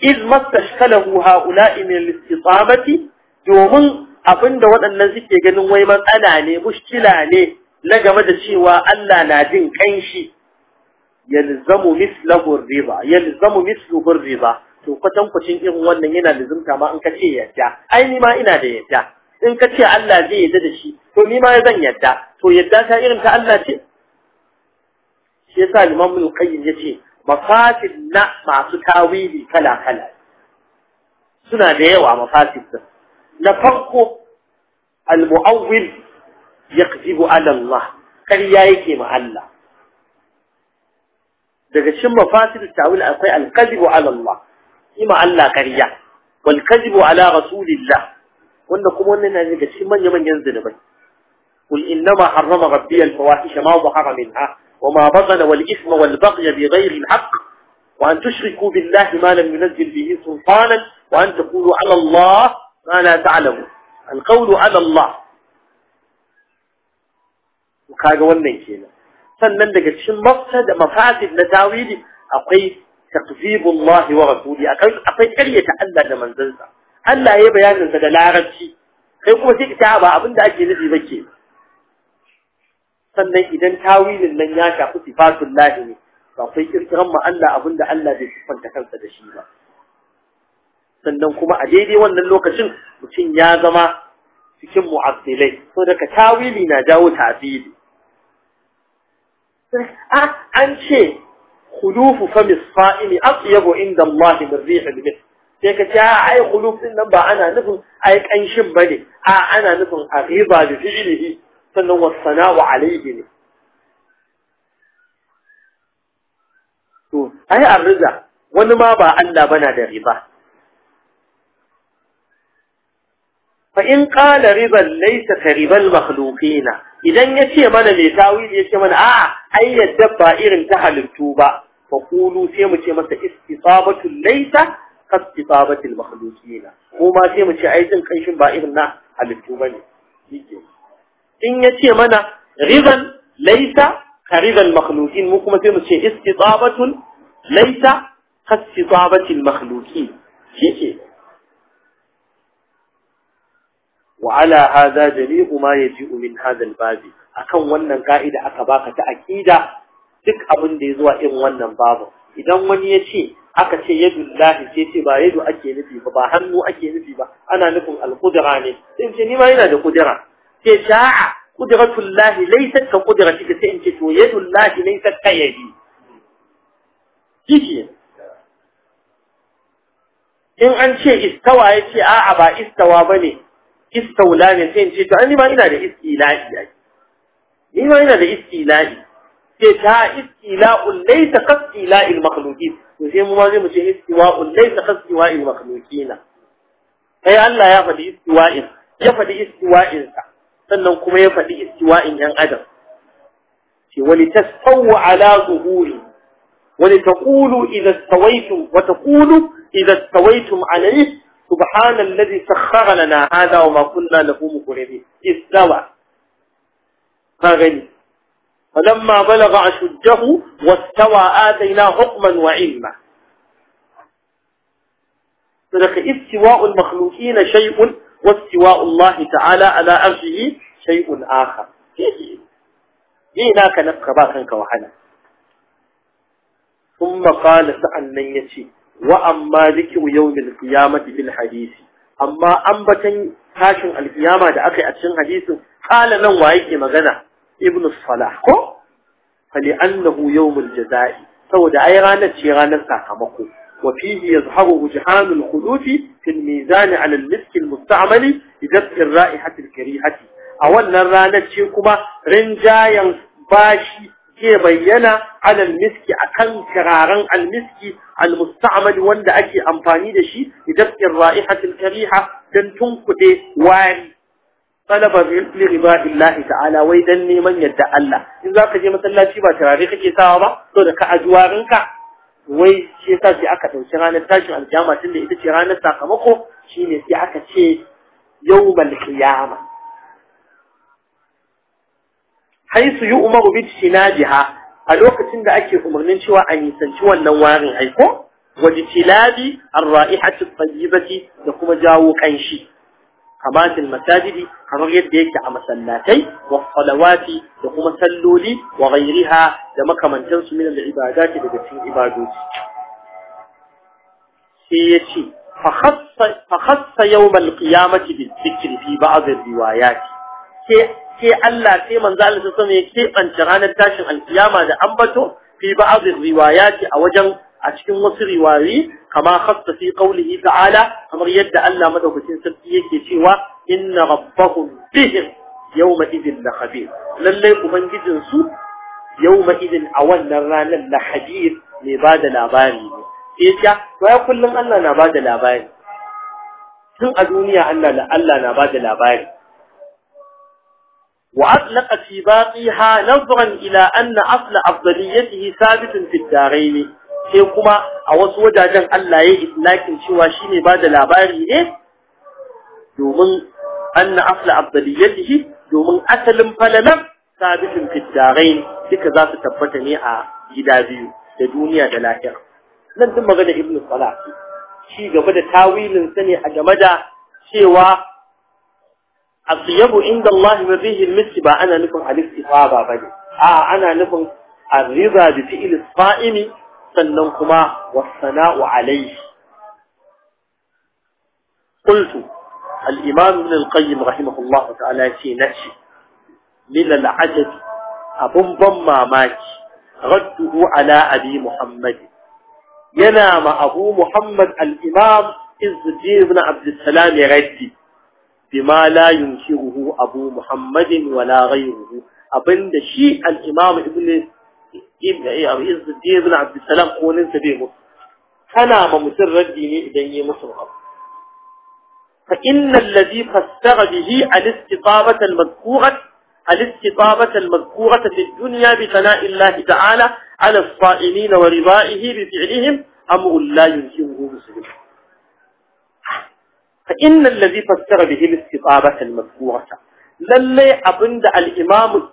iz mastashkalahu haula'i min al-istitabati domin abinda waɗannan suke ganin wai matsala ne mushkila ne na game da cewa Allah na jin kanshi yalzamu mislahu riba yalzamu mislahu riba to kwatankwacin irin wannan yana zumta ma in ka yadda ai ni ma ina da yadda in ka ce Allah zai yadda da shi to ni ma zan yadda to yadda ta irin ta Allah ce shi yasa Imam Al-Qayyim yace mafasid na masu tawili kala kala suna da yawa mafasid na farko al-mu'awwil yakzibu ala Allah ƙarya yake ma Allah daga cikin mafasid tawil akwai al-kadhibu ala Allah ima Allah ƙarya wal kadhibu ala rasulillah wanda kuma wannan yana daga cikin manya manyan zinubai قل إنما حرم ربي الفواحش ما ظهر منها وما بطل والإثم والبغي بغير الحق وأن تشركوا بالله ما لم ينزل به سلطانا وأن تقولوا على الله ما لا تعلموا القول على الله وكاقة والنكينا فلن لقد شمقت مفاتب نتاويل أقيد تقذيب الله ورسولي أقيد كلية ألا لمن زلزة ألا يبيان أنت لا رجي خيقوا تكتابا أبن دا أجي نزي بكي sannan idan tawilin nan ya shafi sifatun lahi ne ba kai kirkiran ma Allah abinda Allah bai siffanta kansa da shi ba sannan kuma a daidai wannan lokacin mutum ya zama cikin mu'abdilai so daga tawili na jawo tafili an ce khulufu fa misfa'ili atyabu inda Allah min rihil misk sai ka ce ai khuluf din nan ba ana nufin ai kanshin bane a ana nufin ariba bi fi'lihi sannan wasana'u alaihi ne to ai arriza wani ma ba Allah bana da riba fa in ƙala riba laysa ka ribal makhlukina idan ya ce mana me tawili ce mana a'a ai yadda ba irin ta halittu ba fa kulu sai mu ce masa istisabatu laisa ka makhlukina ko kuma sai mu ce ai din kanshin ba irin na halittu ba ne. in ya ce mana rizan laisa ka rizan makhlukin mu kuma sai mu ce istitabatun laisa ka istitabatil makhluki shi ke wa ala hadha jami'u ma yaji'u min hadha al akan wannan ka'ida aka baka ta aqida duk abin da ya zuwa irin wannan babu idan wani ya ce aka ce lahi ce ce ba yadu ake nufi ba ba hannu ake nufi ba ana nufin alqudra ne sai ce ni ma yana da kudura sai sha'a قدرة الله ليست كقدرة كسين كتو يد الله ليست كيدي كيدي إن أن شيء استوى يتي أعبا استوى بني استوى لاني سين كتو أني ما إنا ذا استيلاني أني ما إنا ذا استيلاني كتا استيلاء ليس قصيلاء المخلوقين وزي مماغي مجي استواء ليس قصيلاء المخلوقين أي الله يفدي استواء يفدي استواء إنسان sannan kuma ya faɗi istiwa'in ‘yan adam ce wani ta sauwa ala zuhuri wani ta ƙulu idan tawaitum wata ƙulu idan tawaitum alayhi سبحان wa سخر لنا هذا وما istawa له gani falamma فغني فلما بلغ أشده واستوى hukman wa ilma صدق istiwa'ul المخلوقين shay'un واستواء الله تعالى على أرجه شيء آخر لذلك نبقى باقنك وحنا ثم قال سأل من يتي وأما ذكر يوم القيامة بالحديث أما أنبتن هاشم القيامة لأخي أتشن حديث قال من وعيك مغنى ابن الصلاح فلأنه يوم الجزائي فهو دعيرانا تيرانا تعمقه وفيه يظهر وجهان الخلوف في الميزان على المسك المستعمل لذبح الرائحة الكريهة أولا رانتكما رنجا ينباشي كي بينا على المسك أكن كرارا المسك المستعمل واند أكي أنفاني لشي لذبح الرائحة الكريهة دنتم كده واري طلب لغباء الله تعالى ويدني من يدعى الله إذا كجي مثلا شبا ترى ريخي سابا تركع أجوارنك wai shi sai aka ɗauki ranar tashin aljama tun da ita ce ranar sakamako shi ne sai aka ce yau qiyama haisu yi umaru bi shinajiha a lokacin da ake umarnin cewa a nisanci wannan warin aiko waje tilabi arra'ihatu tayyibati da kuma jawo kanshi كمان المساجد كما يديك عم سلاتي والصلوات لقوم سلولي وغيرها لما كمان تنس من العبادات لبسين عبادات سيتي فخص, فخص يوم القيامة بالذكر في بعض الروايات sai Allah sai manzo Allah sai ya keɓance ranar tashin alkiyama da ambato fi ba'd riwayati a wajen a cikin wasu riwayi kama khassa fi qawlihi ta'ala kamar yadda Allah madaukakin sarki yake cewa inna rabbahum bihim yawma idin la khabir lalle ubangijin su yawma idin a wannan ranar la khabir ne ba da labari ne sai ya to ya kullun Allah na ba da labari tun a duniya Allah Allah na ba da labari وأطلق في باقيها نظرا إلى أن أصل أفضليته ثابت في الدارين sai kuma a wasu wajajen Allah ya yi itlaqin cewa shi ne ba da labari ne domin an anna afla afdaliyatihi domin asalin falalar sabitin fiddarai duka za su tabbata ne a gida biyu da duniya da lahira nan duk magana Ibn salah shi gaba da tawilin sa ne a game da cewa asiyabu inda Allah ya zai ba ana nufin al ba ba ne. a ana nufin ar-riba bi fi'l sannan kuma wasana'u alaihi qultu al-imam ibn al-qayyim rahimahullah ta'ala yace nace lil al-ajab abun ban mamaki radduhu ala abi muhammad yana ma abu muhammad al-imam izzuddin ibn abd salam ya bima la yunkiruhu abu muhammadin wala ghayruhu abinda shi al-imam ibn يبقى ايه رئيس دي ابن عبد السلام هو انت بيه انا بمسر رديني اذا يمسر الارض فان الذي فسر به الاستطابة المذكورة الاستطابة المذكورة في الدنيا بثناء الله تعالى على الصائمين ورضائه بفعلهم امر لا ينكره مسلم فان الذي فسر به الاستطابة المذكورة للي ابند الامام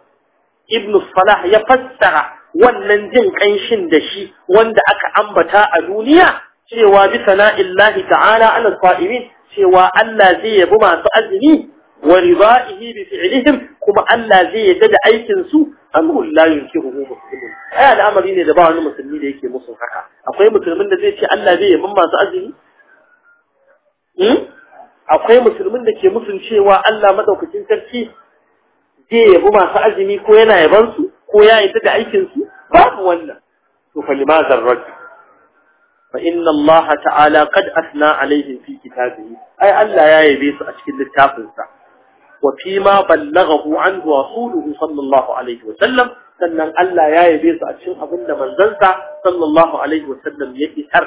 ابن الصلاح يفسر wannan jin ƙanshin da shi wanda aka ambata a duniya cewa bi sana'illahi ta'ala ala sa'imin cewa Allah zai yabi masu azumi wa ridaihi bi fi'lihim kuma Allah zai yadda da aikin su amrul la yunkihu muslimun ai al'amari ne da ba wani musulmi da yake musu haka akwai musulmin da zai ce Allah zai yabi masu azumi hmm? akwai musulmin da ke musun cewa Allah madaukakin sarki zai yabi masu azumi ko yana yaban su وياي تدعي أيكن سو باب ولا لماذا الرجل فإن الله تعالى قد أثنى عليهم في كتابه أي أن لا ياي أشكل التافل سا وفيما بلغه عنه رسوله صلى الله عليه وسلم أن لا ياي أشكل أبن من زلتا صلى الله عليه وسلم يكثر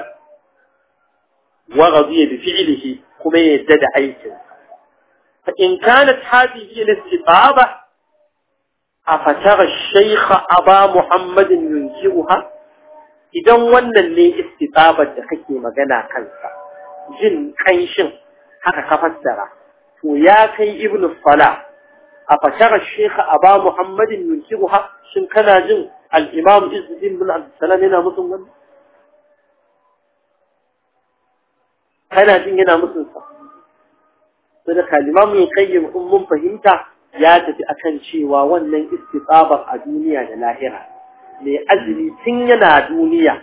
وغضي بفعله كما يدد عيكا فإن كانت هذه هي الاستطابة أفتغ الشيخ أبا محمد ينجيوها إذا ونن لي استطابة دخيكي مغانا كنسا جن كنشن حقا كفتر وياكي ابن الصلاة أفتغ الشيخ أبا محمد ينجيوها شن كنا جن الإمام إذن دين بن عبد السلام هنا مصنغا كنا جن هنا مصنغا فإذا كان الإمام يقيم أمم فهمتا ya tafi akan cewa wannan istitsabar a duniya da lahira mai azumi tun yana duniya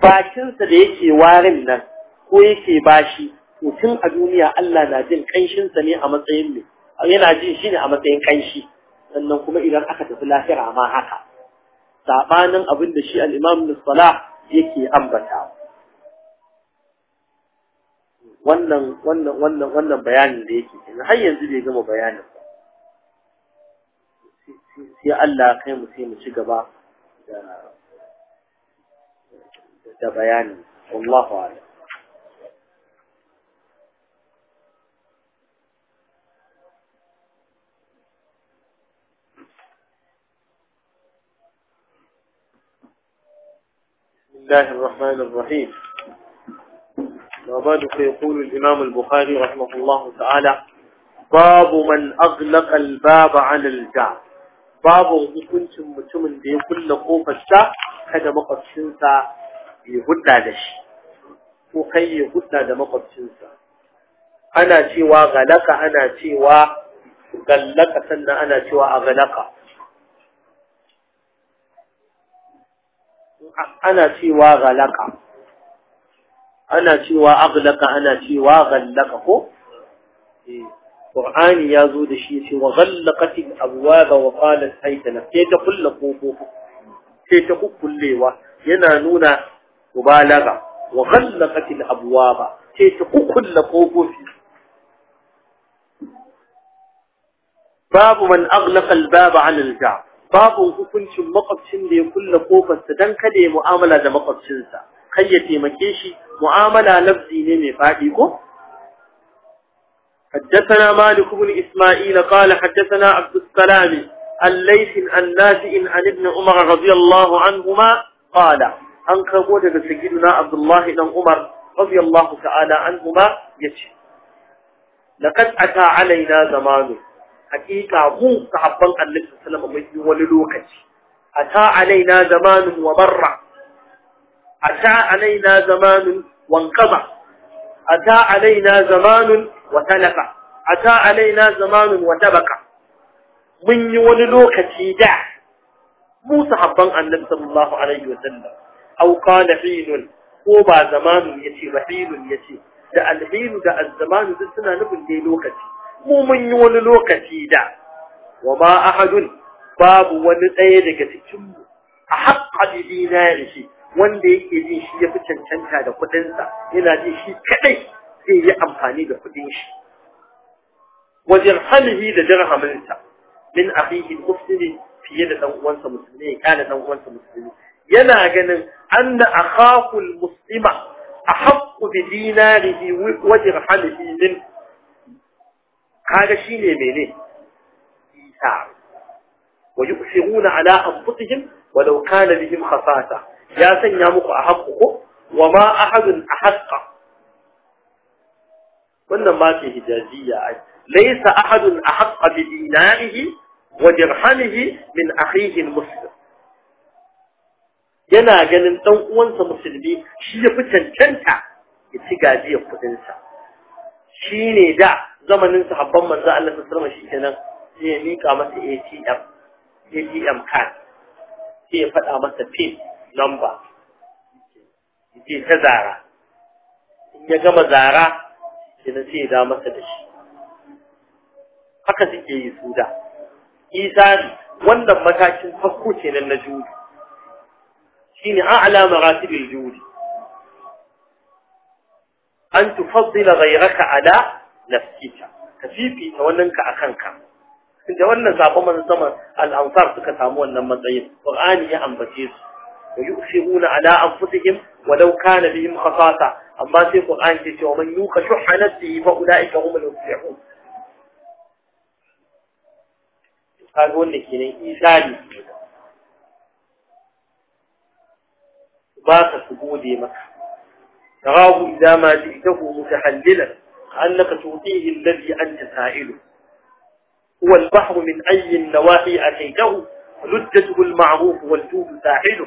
bakinsa da yake warin nan ko yake bashi to tun a duniya Allah na jin kanshinsa ne a matsayin ne yana jin shi ne a matsayin kanshi sannan kuma idan aka tafi lahira ma haka sabanin abin da shi al-Imam Salah yake ambata, wannan wannan wannan wannan bayanin da yake har yanzu bai gama bayanin sai Allah kai mu sai mu ci gaba da da bayani الله الرحمن الرحيم وبعد فيقول الإمام البخاري رحمه الله تعالى باب من أغلق الباب على الجعب babu hukuncin mutumin da ya kulle kofarsa kada makwabcinsa ya hudda da shi ko kai ya hudda da makwabcinsa ana cewa galaka ana cewa galaka sannan ana cewa a galaka ana cewa galaka ana cewa aglaka ana cewa gallaka ko eh قرآن يازو الشيخ وغلقت الأبواب وقالت هيتنا تيتقل لقوبوه تيتقل كليوا ينانونا مبالغة وغلقت الأبواب تيتقل لقوبوه باب من أغلق الباب عن الجعب باب وكل شيء مقبس لي كل قوفة تدنك لي معاملة مقبسة خيتي مكيشي معاملة لفظي نمي فاقيكو حدثنا مالك بن إسماعيل قال حدثنا عبد السلام الليث عن نافع عن ابن عمر رضي الله عنهما قال أن كبوت سيدنا عبد الله بن عمر رضي الله تعالى عنهما يجي لقد أتى علينا زمان حقيقة هم صحبا النبي صلى الله عليه وسلم وللوقت أتى علينا زمان ومر أتى علينا زمان وانقضى أتى علينا زمان watalaka ata alaina zamanun watabaka mun yi wani lokaci da mu sahabban annabi sallallahu alaihi wasallam aw qala hinun ko ba zamanun yace ba hinun yace da alhinu da azzamanu duk suna nufin dai lokaci mu mun yi wani lokaci da wa ma ahadun babu wani ɗaya daga cikin mu a haƙƙa bi dinari shi wanda yake jin shi ya fi cancanta da kuɗinsa yana jin shi kaɗai zai yi amfani da kudin shi wajen halihi da dirhaminsa min akhihi muslimi fiye da dan uwansa musulmi ya kana dan uwansa musulmi yana ganin anna akhahu muslima ahqqu bi dinarihi wa dirhamihi min kaga shine mene isa wa yuksiruna ala anfusihim walau kana bihim khasasa ya sanya muku a ahqqu wa ma ahadun ahqqa wannan ma ce hijaziyya ai laysa ahadun ahqqa bi dinarihi wa dirhamihi min akhihi muslim yana ganin dan uwansa musulmi shi ya fi cancanta ya ci gajiyar kudin sa shine da zamanin sahabban manzo Allah sallallahu alaihi shi kenan. sai ya mika masa ATM ATM card sai ya faɗa masa pin number sai ta zara in ya gama zara sai na ce da masa da shi haka suke yi su da izani wannan matakin farko kenan na juri shine a'la maratibil juri an tufaddila ghayraka ala nafsika ka fifita wannan ka akan ka da wannan sabon manzon zaman al suka samu wannan matsayin qur'ani ya ambace su ويؤثرون على أنفسهم ولو كان بهم خصاصة أما في القرآن كيسي ومن يوق شح نفسه فأولئك هم المفلحون قالوا هو النكين إيساني باك سبودي مكة تراه إذا ما جئته متحللا كأنك تعطيه الذي أنت سائله هو البحر من أي النواحي أتيته لجته المعروف والجود ساحله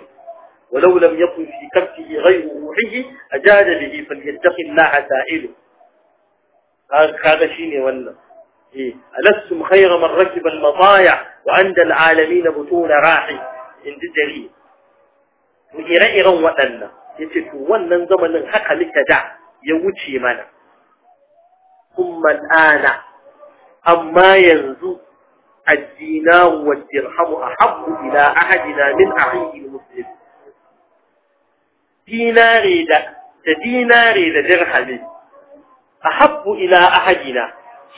ولو لم يكن في كبته غير روحه أجاد به فليتقي الله سائله هذا شيني ولا إيه؟ ألستم خير من ركب المطايع وعند العالمين بطون راحي عند الدليل وإرائرا وأنا يتكون زمن حق لكدا يوتي منا ثم الآن أما ينزو الدينار والدرحم أحب إلى أحدنا من أخيه المسلم dinare da da dinare da dirhami ahabbu ila ahadina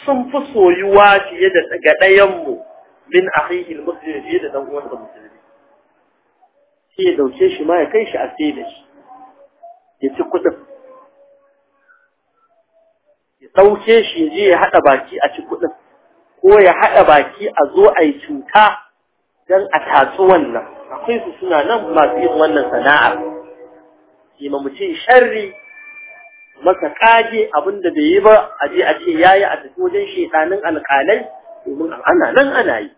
sun fi soyuwa fiye da daga ɗayan mu min akhihi almuslim fiye da dan da musulmi sai ya dauke shi ma ya kai shi a sai da shi ya ci kuɗin ya ɗauke shi ya je ya haɗa baki a ci kuɗin ko ya haɗa baki a zo a yi cuta don a tatsu wannan akwai su suna nan masu yin wannan sana'ar ima mutum sharri masa kaje abinda bai yi ba a je a ce yayi a tafi wajen shedanin alƙalai domin ana nan ana yi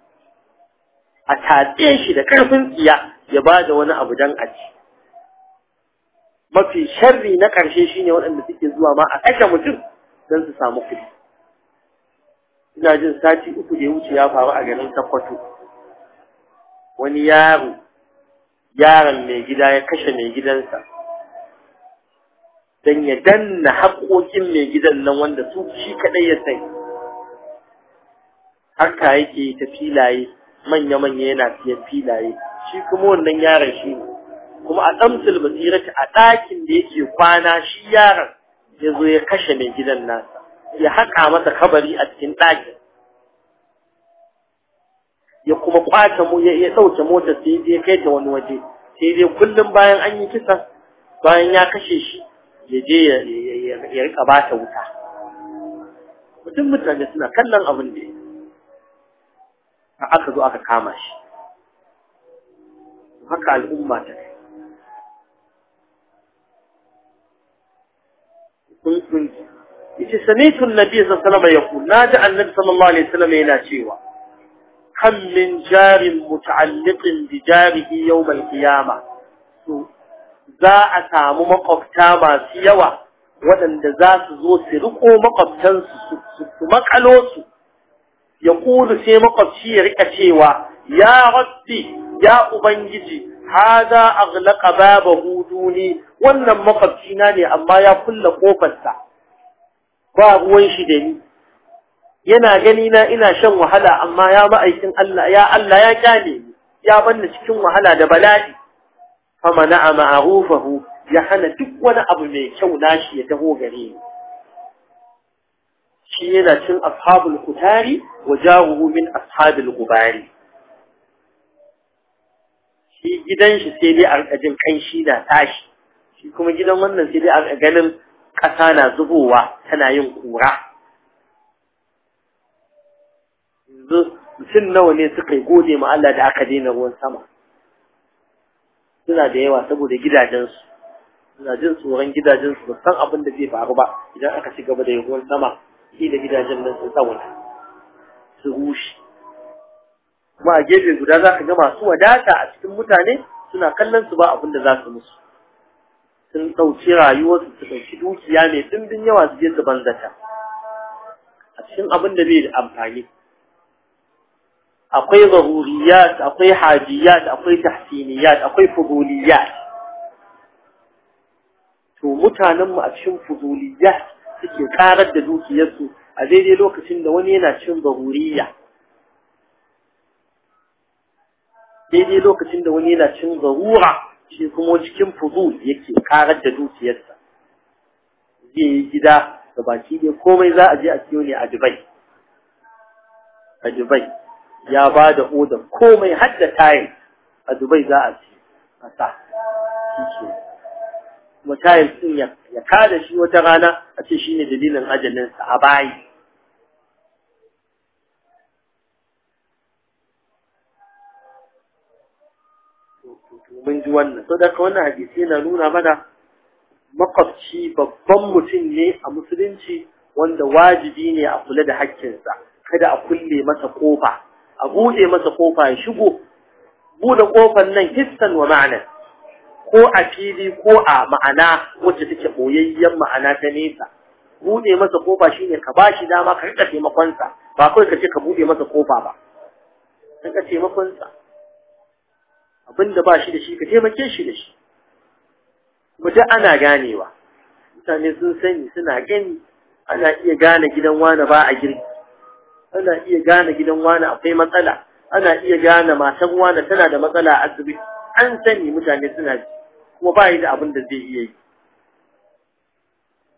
a tatse shi da karfin tsiya ya ba da wani abu dan aji mafi sharri na ƙarshe shine waɗanda suke zuwa ma a kashe mutum don su samu kuɗi ina jin sati uku da ya wuce ya faru a garin Sokoto wani yaro yaron mai gida ya kashe mai gidansa Dan ya danna haƙoƙin mai gidan nan wanda su shi kaɗai ya sai haka yake ta filaye manya-manya yana siyan filaye shi kuma wannan yaran shi ne kuma a ɗamsul basirata a ɗakin da yake kwana shi yaran ya zo ya kashe mai gidan nasa ya haƙa masa kabari a cikin ɗakin ya kuma kwace mu ya ɗauke motar sai ya kai ta wani waje sai dai kullum bayan an yi kisa bayan ya kashe shi ya ya rika ba ta wuta mutum mutane suna kallon abin da aka zo aka kama shi haka al'umma ta kun kun yace samitu annabi sallallahu alaihi wasallam na naji annabi sallallahu alaihi wasallam yana cewa kam min jarin muta'alliqin bi jarihi yawm al-qiyamah za a samu makwabta masu yawa waɗanda za su zo su riko makwabtansu su makalo su ya kulu sai makwabci ya rika cewa ya rabbi ya ubangiji haza aghlaqa babahu ne. wannan makwabcina ne amma ya kulle kofarsa ba ruwan shi da ni yana gani na ina shan wahala amma ya ma'aikin Allah ya Allah ya kyale ya banna cikin wahala da bala'i fama a ma'arufahu ya hana duk wani abu mai kyau nashi ya taho gare ni shi yana cin ashabul kutari wa jaruhu min ashabul gubari shi gidan shi sai dai a jin shi na tashi shi kuma gidan wannan sai dai a ganin ƙasa na zubowa tana yin kura yanzu mutum nawa ne suka yi gode ma Allah da aka daina ruwan sama suna da yawa saboda gidajensu suna jin tsoron gidajensu ba san abin da zai faru ba idan aka ci gaba da ruwan sama shi da gidajen nan sun tsawon su rushe kuma a gefe guda za ka ga masu wadata a cikin mutane suna kallon su ba abin da za su musu sun ɗauki rayuwarsu su ɗauki dukiya mai ɗimbin yawa su je su banzata a cikin abin da bai da amfani akwai zaruriyat akwai hajiyat akwai tahsiniyat akwai fuduliyat to mutanen mu a cikin fuduliyat suke karar da dukiyarsu a daidai lokacin da wani yana cin zaruriya daidai lokacin da wani yana cin zarura shi kuma cikin fudul yake karar da dukiyarsa zai yi gida da baki ne komai za a je a siyo ne a Dubai a Dubai ya ba da oda komai har da tayin a dubai za a ci kasa shi kuma tayin sun ya kada shi wata rana a ce shi ne dalilin ajalinsa a bayi mun ji wannan so daga wannan hadisi yana nuna mana makwabci babban mutum ne a musulunci wanda wajibi ne a kula da haƙƙinsa kada a kulle masa kofa a buɗe masa kofa ya shigo buɗe kofar nan hissan wa ma'ana ko a fili ko a ma'ana wacce take boyayyen ma'ana ta nesa buɗe masa kofa shine ka ba shi dama ka rika taimakonsa ba kawai ka ce ka buɗe masa kofa ba riƙa taimakonsa abinda ba shi da shi ka taimake shi da shi kuma duk ana ganewa mutane sun sani suna gani ana iya gane gidan wani ba a girki ana iya gane gidan wani akwai matsala ana iya gane matan wani tana da matsala a asibiti an sani mutane suna ji kuma ba yi da abin da zai iya yi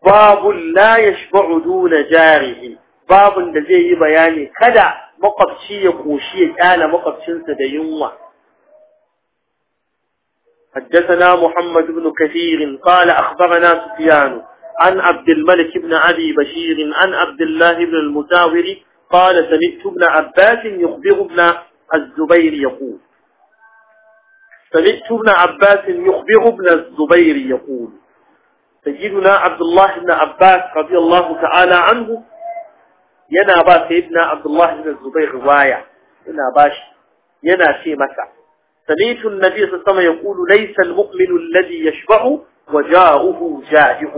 babun la yashba'u duna jarihi babun da zai yi bayani kada makwabci ya koshi ya kyala makwabcinsa da yunwa حدثنا محمد بن كثير قال أخبرنا سفيان عن عبد الملك بن أبي بشير عن عبد الله بن المساور قال سمعت ابن عباس يخبر ابن الزبير يقول سمعت ابن عباس يخبر ابن الزبير يقول سيدنا عبد الله بن عباس رضي الله تعالى عنه ينا باس ابن عبد الله بن الزبير رواية ينا باش ينا في مسع سمعت النبي صلى الله عليه وسلم يقول ليس المؤمن الذي يشبع وجاره جائع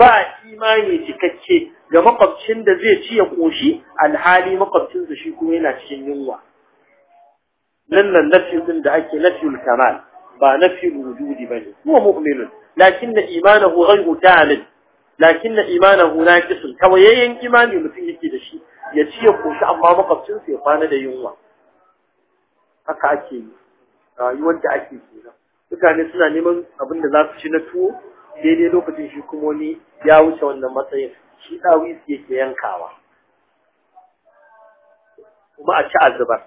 با ما تكتشي ga makwabcin da zai ci ya koshi alhali da shi kuma yana cikin yunwa nan nan nafi din da ake nafiyul kamal ba nafiyul wujudi bane huwa mu'minun lakinna imanahu ghayru ta'lil lakinna imanahu naqisun tawayayyen imani mutum yake da shi ya ci ya koshi amma makwabcinsa ya kwana da yunwa haka ake yi rayuwar da ake kenan mutane suna neman abin da za su ci na tuwo daidai lokacin shi kuma wani ya wuce wannan matsayin shi su yake yankawa kuma a ci azubar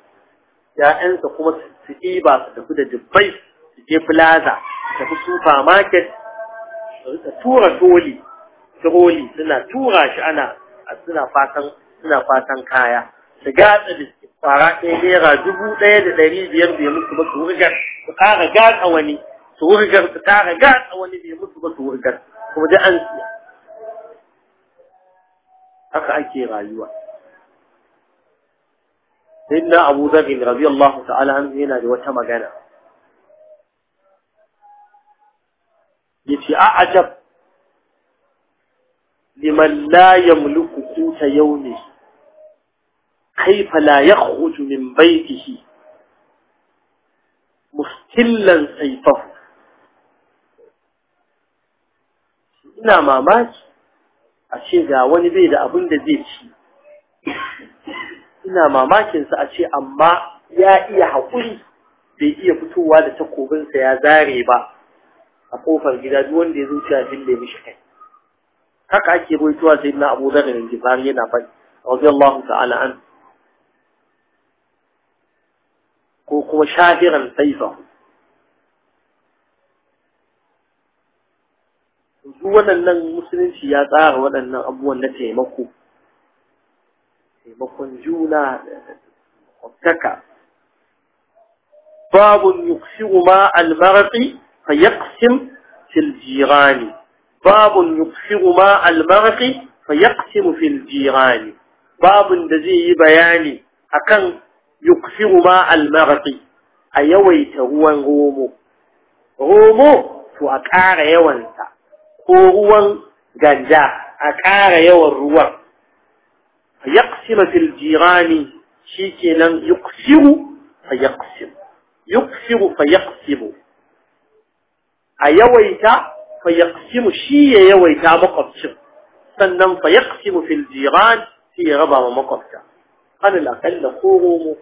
‘ya'yansa kuma su ɗiba su tafi da jibbai su je plaza su tafi supermarket su tura doli troli suna tura shi ana suna fatan suna fatan kaya su gatsa biskit fara ɗaya naira dubu ɗaya da ɗari biyar bai mutu ba su wurgar su ƙara gatsa wani su wurgar su ƙara gatsa wani bai mutu ba su wurgar kuma da an siya haka ake rayuwa sayyidina Abu Dharr radiyallahu ta'ala anhu yana da wata magana yace a'ajab liman la yamliku quta yawmihi kayfa la yakhruju min baytihi mustillan sayfahu ina mamaki a ce ga wani bai da abin da zai ci ina mamakinsa a ce amma ya iya haƙuri bai iya fitowa da takobinsa ya zare ba a kofar gida duk wanda ya zuciya bille mishi kai haka ake ruwaitowa sai na Abu Dharr ne yana faɗi radiyallahu ta'ala an ko kuma shahiran sayfa duk waɗannan musulunci ya tsara waɗannan abubuwan na taimako taimakon juna da kwaftaka babun yuksiru ma almarqi fa yaqsim fil jirani babun yuksiru ma almarqi fa yaqsim fil jirani babun da zai yi bayani akan yuksiru ma almarqi a yawaita ruwan romo romo to a ƙara yawansa قوغوان جنجا أكار يو روان فيقسم في الجيران شيكينا يقسم فيقسم يقسم فيقسم أيويتا فيقسم شي يويتا مقبشم سنن فيقسم في الجيران في ربا مقبشا قال الأقل قوغوم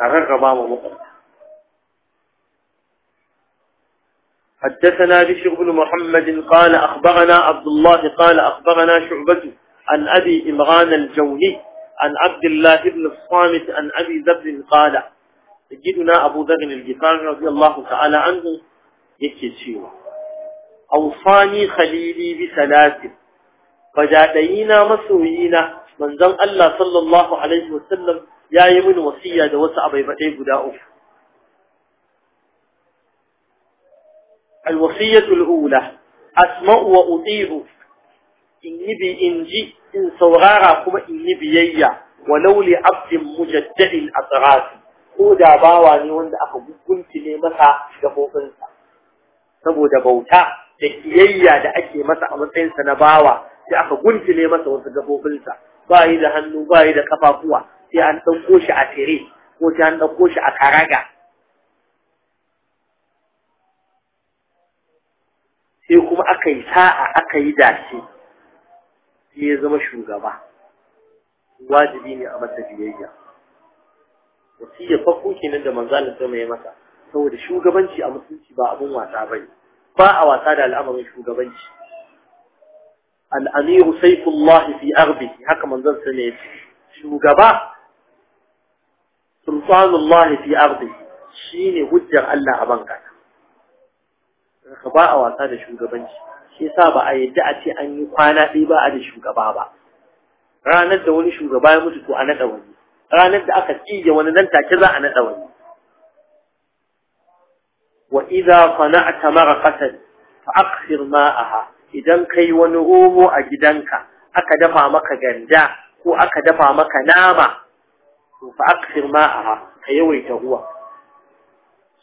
أرغب عمو مقبشا حدثنا بشر بن محمد قال أخبرنا عبد الله قال أخبرنا شعبة عن أبي إمران الجوني عن عبد الله بن الصامت عن أبي ذر قال سيدنا أبو ذر الجفار رضي الله تعالى عنه يكسيره أوصاني خليلي بثلاث فجادينا مسوينا من ذن الله صلى الله عليه وسلم يا يمن وصية دوس أبي بأي قداؤه الوصية الأولى أسمع وأطيع إني بإنجي إن سورارا كما إني بيي ولو لعبد مجدد الأطراف ko da bawa ne wanda aka ne masa da saboda bauta da kiyayya da ake masa a matsayinsa na bawa sai aka ne masa wasu gabofinsa ba yi da hannu ba yi da kafafuwa sai an ɗauko shi a tire ko sai an ɗauko shi a karaga sai kuma aka yi sa'a aka yi dashi. sai ya zama shugaba wajibi ne a masa biyayya wasiya farko kenan da manzo Allah ya masa saboda shugabanci a musulunci ba abun wasa bane ba a wasa da al'amarin shugabanci al-amir sayfullah fi arbi haka manzon sai ne shugaba sultanullah fi arbi shine hujjar Allah a banka ka ba a wasa da shugabanci shi yasa ba a yadda a ce an yi kwana ɗaya ba a da shugaba ba ranar da wani shugaba ya mutu to a naɗa wani ranar da aka tsige wani nan take za a naɗa wani wa idza sana'ta marqatan fa akhir ma'aha idan kai wani omo a gidanka aka dafa maka ganda ko aka dafa maka nama to fa akhir ma'aha ka yawaita ruwa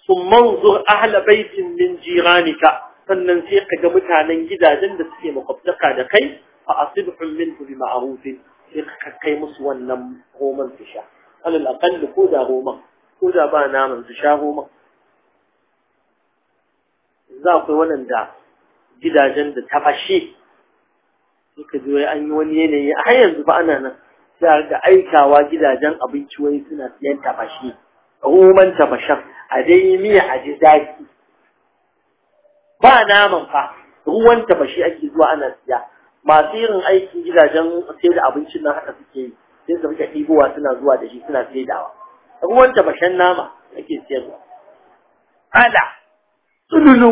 ثم انظر ahla بيت min jiranika sannan sai ka ga mutanen gidajen da suke makwabtaka da kai a asibhum minhu bi ma'ruf sai ka kai musu wannan goman su sha alal aqall ko da goma ko da ba naman su sha goma za ku wannan da gidajen da ta fashe sai ji an yi wani yanayi a yanzu ba ana nan sai da aikawa gidajen abinci wai suna siyan tafashe roman tafashen a dai miya a ji zaki ba naman fa ruwan ta bashi ake zuwa ana siya masu irin aikin gidajen sai da abincin nan haka suke yi sai su rika ɗibowa suna zuwa da shi suna saidawa ruwan ta bashan nama ake siyarwa ala tsululu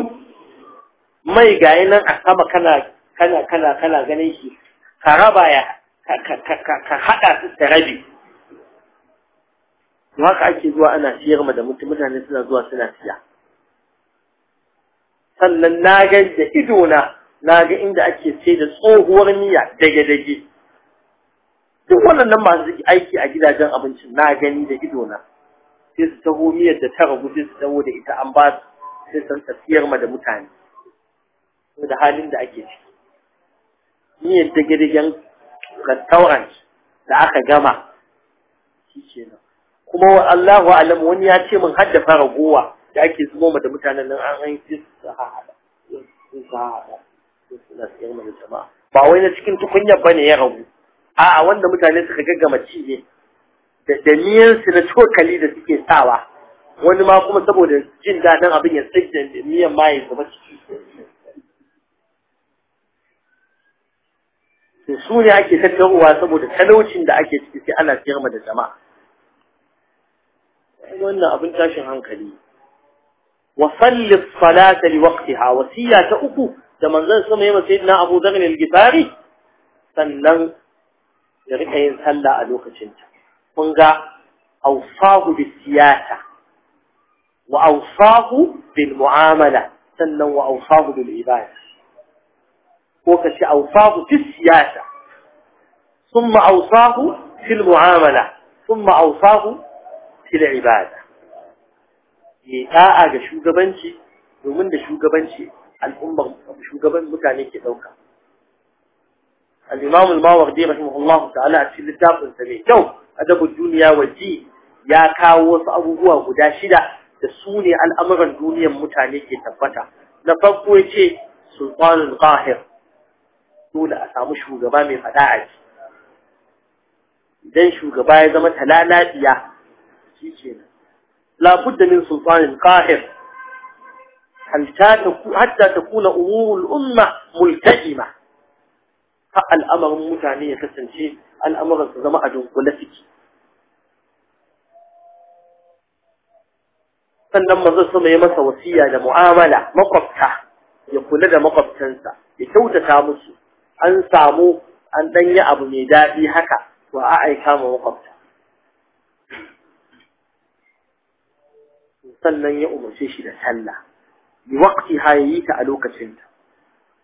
mai gayi nan a sama kana kana kana ganin shi ka raba ya ka haɗa su da to haka ake zuwa ana siyar ma da mutane suna zuwa suna siya sannan na ga da ido na ga inda ake sai da tsohuwar miya dage-dage duk waɗannan masu aiki a gidajen abincin na gani da idona, na sai su taho miyar da ta ragu sai su taho da ita an ba su sai san tafiyar ma da mutane da halin da ake ciki miyar dage-dagen restaurant da aka gama shi nan. kuma Allahu alam wani ya ce min har da fara gowa da ake zubo da mutanen nan an an yi su hada su na sayar mana jama'a ba wai na cikin tukunyar bane ya rabu a'a wanda mutane suka gaggama ci ne da daniyan su na cokali da suke sawa wani ma kuma saboda jin daɗin abin ya tsaye miyan ma ya zama ciki su ne ake tattaruwa saboda talaucin da ake ciki sai ana sayar da jama'a وإن أبن تاشي هنكلي وصل الصلاة لوقتها وسيا تأكو زمن زن سميما سيدنا أبو ذر الجباري سنن يرحي سلا ألوك جنت فنقى أوصاه بالسياسة وأوصاه بالمعاملة سنن وأوصاه بالعبادة وكشي أوصاه في السياسة ثم أوصاه في المعاملة ثم أوصاه fil ibada yi da'a ga shugabanci domin da shugabanci al'ummar shugaban mutane ke dauka al-imam al-mawardi rahimahullah ta'ala a cikin littafin sa mai kyau adabul duniya waji ya kawo wasu abubuwa guda shida da su ne al'amuran duniyar mutane ke tabbata na farko yace sultanul qahir dole a samu shugaba mai fada a idan shugaba ya zama talalabiya mulki ce ne min sultanin qahir hatta ta hatta ta kula umurul umma multajima fa mutane ya kasance al'amuran zama a dunkule suke sannan manzo sama ya masa wasiya da mu'amala makwabta ya kula da makwabtansa ya kyautata musu an samu an danyi abu mai daɗi haka wa a aika ma makwabta sannan ya umarce shi da sallah bi waqti hayi ta a lokacin ta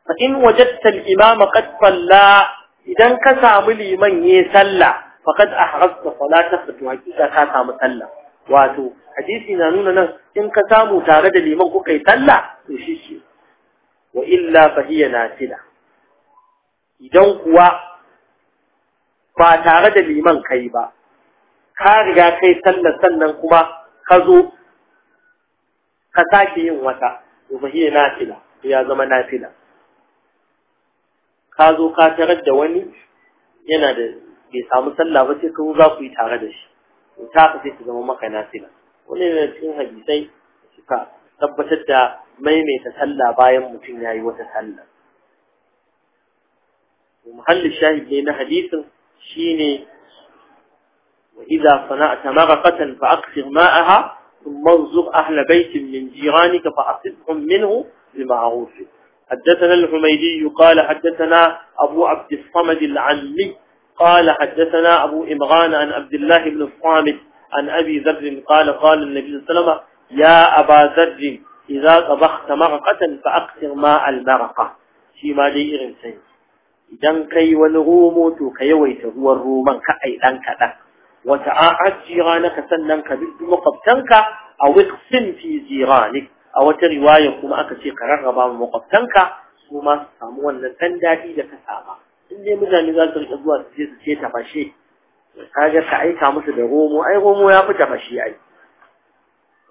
fa in wajadta al-imam qad salla idan ka samu liman yayi sallah faqad ahrazta salataka to hakika ka samu sallah wato hadisi na nuna nan in ka samu tare da liman ku kai sallah to shi shi wa illa fa hiya nafila idan kuwa ba tare da liman kai ba ka riga kai sallar sannan kuma ka zo ka sake yin wata to fa hiya nafila to ya zama nafila ka zo ka tarar da wani yana da bai samu sallah ba sai ka za ku yi tare da shi to ta ka sai ta zama maka nafila wani ne cikin hadisai suka tabbatar da maimaita sallah bayan mutum ya yi wata sallah muhallin shahid ne na hadisin shine wa idza sana'ta marqatan fa aqsir ma'aha ثم انظر أهل بيت من جيرانك فأصبهم منه بمعروف حدثنا الحميدي قال حدثنا أبو عبد الصمد العمي قال حدثنا أبو إمغان عن عبد الله بن الصامت عن أبي ذر قال قال النبي صلى الله عليه وسلم يا أبا ذر إذا طبخت مرقة فأكثر ماء المرقة فيما دي إرنسان إذا كي ونغومو تو كيويت هو الرومان كأي أنك وتعاعد جيرانك سنن كبد مقبتنك أو اقسم في جيرانك أو ترواية كما أكسي قرربا مقبتنك وما ساموان لتندادي لك ساما إني مجال نزال تلقضوا تجيز تجيز تفشي kaga ka aika musu da romo ai romo ya fita fashi ai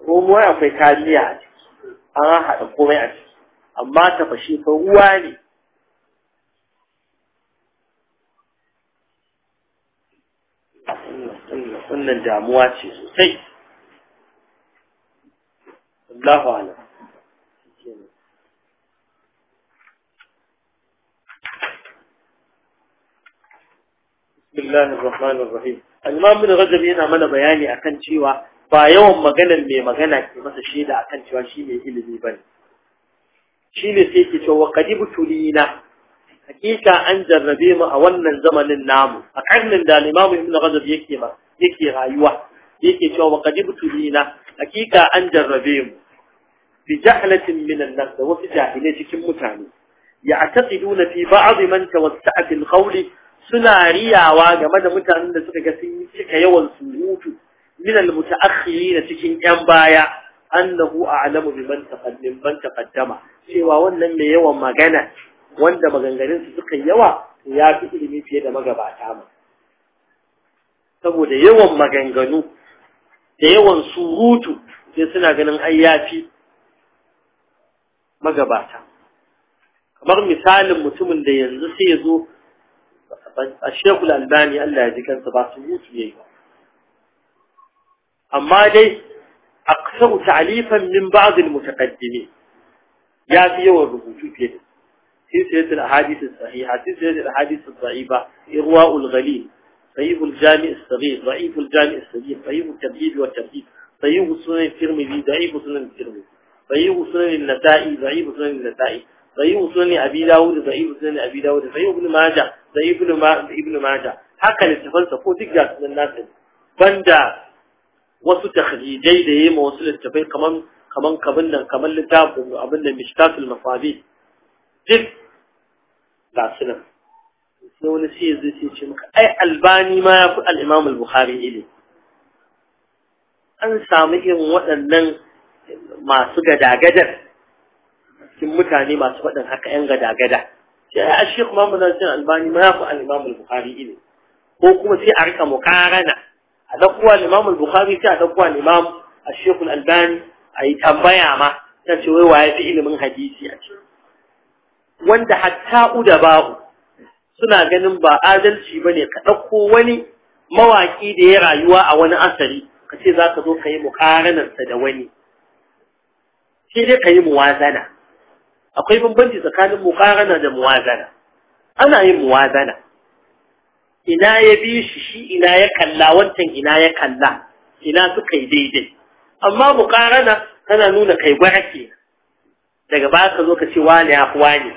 romo ya akwai kariya an haɗa komai a ciki amma ta fashi wannan damuwa ce sosai Allahu alam بسم الله الرحمن الرحيم الإمام بن رجب yana mana bayani akan cewa ba yawan maganar mai magana ke masa shaida akan cewa shi mai ilimi ba ne. Shi ne sai ke cewa qadibu tulina hakika an jarrabe mu a wannan zamanin namu a karnin da Imam bin Rajab yake ba, yake rayuwa yake cewa wa qadibtu lina hakika an jarrabe mu bi jahlatin min an-nas wa fi jahilai cikin mutane ya'taqiduna fi ba'd man tawassa'a fil qawl suna riyawa game da mutanen da suka ga sun yi cika yawan surutu min al-mutaakhirin cikin yan baya annahu a'lamu man taqaddim man taqaddama cewa wannan mai yawan magana wanda maganganun su suka yawa ya fi ilimi fiye da magabata mu saboda yawan maganganu da yawan surutu sai suna ganin ai yafi magabata kamar misalin mutumin da yanzu sai ya zo a shekul albani Allah ya ji kansa ba surutu yayi ba amma dai aksaru ta'alifan min ba'd al-mutaqaddimin ya fi yawan rubutu fiye da sai sai da hadisi sahiha sai sai da hadisi da'ifa ghalib طيب الجامع الصغير ضعيف الجامع الصغير طيب التبعيد والترتيب طيب سنن الترمذي ضعيف سنن الترمذي طيب سنن النسائي ضعيف سنن النسائي طيب سنن ابي داود ضعيف سنن ابي داود طيب ابن ماجه ضعيف ابن ماجه haka littafansa ko duk ga sunan nasa banda wasu takhrijai da yayi ma wasu littafai kaman kaman kaman nan kaman littafin abin da mishkatul mafabi duk ga sunan sai wani siya ya zai ce maka ai albani ma ya fi al'imam al-bukhari ilimi an samu irin waɗannan masu gadagadar cikin mutane masu faɗin haka ‘yan gada-gada. Sai a shi kuma muna cin albani ma ya fi al'imam al-Bukhari ile Ko kuma sai a rika mukarana. A ɗauko al'imam al-Bukhari sai a ɗauko al'imam a shekul albani a yi tambaya ma ta ce wai waye fi ilimin hadisi a ce. Wanda hatta uda ba'u suna ganin ba adalci ba ne ka ɗauko wani mawaƙi da ya rayuwa a wani asali ka ce za ka zo ka yi muƙaranarsa da wani Shi dai ka yi muwazana akwai bambanci tsakanin mukarana da muwazana ana yin muwazana ina ya bi shi shi ina ya kalla wancan ina ya kalla ina suka yi daidai amma muƙarana tana nuna kai gwara daga ba ka zo ka ce wane ya fi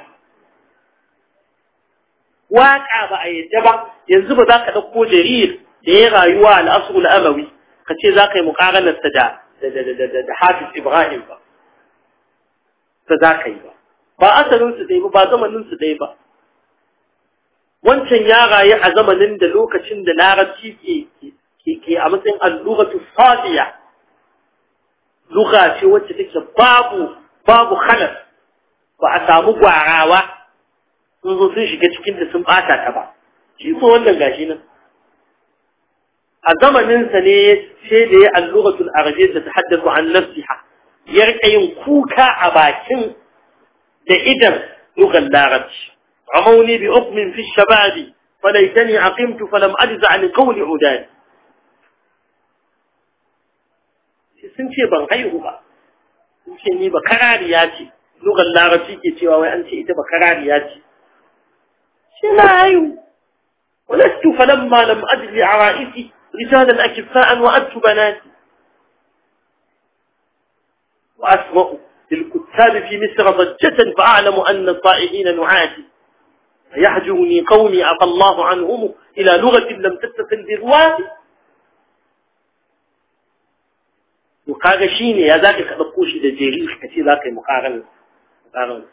waka ba a yadda ba yanzu ba za ka ɗauko jarir da ya rayuwa al'asu al'amawi ka ce za ka yi muƙaranarsa da da hafiz ibrahim ba ta za ka yi ba ba asalinsu dai ba ba zamaninsu dai ba wancan ya rayu a zamanin da lokacin da larabci ke a matsayin ta fadiya lura ce wacce take babu babu halar ba a samu gwarawa kuzo sun shiga cikin da sun bata ta ba shi ko wannan gashi nan a zamanin sa ne sai da ya lughatul arabiyyah ta tahaddathu an nafsiha ya rika yin kuka a bakin da idan lughal larabci amauni bi ukmin fi shababi falaitani aqimtu falam ajza an qawli udani sun ce ban haihu ba sun ce ni ba karariya ce lugan larabci ke cewa wai an ce ita ba karariya ce لا أيوه ولست فلما لم أدل لعرائسي رجالا أكفاء وأدت بناتي وأسمأ للكتاب في مصر ضجة فأعلم أن الطائعين نعاتي فيحجرني قومي عفى الله عنهم إلى لغة لم تتصل بالوادي مقارشيني يا ذاك كدقوشي ده جريش كتير ذاك مقارن مقارن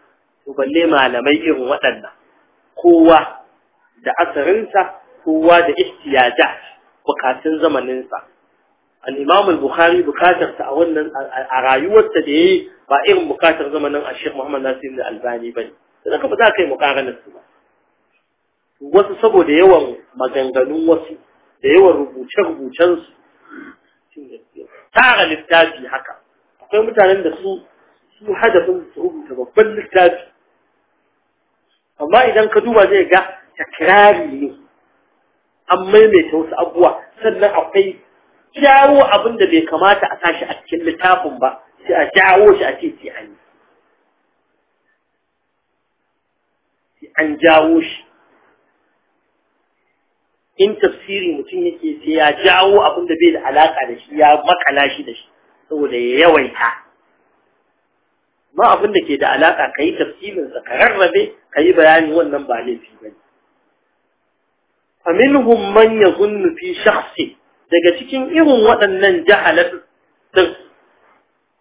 وبلي ما لمي إغن وطنه kowa da asarinsa kowa da ihtiyaja bukatun zamaninsa al-imam al-bukhari a wannan a rayuwarsa da yayi ba irin bukatar zamanin al-sheikh muhammad nasir da albani ne. sai ka ba za ka yi mukaranar su ba wasu saboda yawan maganganun wasu da yawan rubuce-rubucen su tara littafi haka akwai mutanen da su su hadafin su rubuta babban littafi amma idan ka duba zai ga takirari ne an maimaita wasu abubuwa sannan akwai jawo abin da bai kamata a tashi a cikin littafin ba sai a jawo shi a cikin an yi an jawo shi in tafsiri mutum yake sai ya jawo abin da bai da alaka da shi ya makala shi da shi saboda ya yawaita ba abin da ke da alaka ka yi tafsirin sa ka rarrabe ka yi bayani wannan ba laifi ba faminhum man yazunnu fi shakhsi daga cikin irin waɗannan jahalat din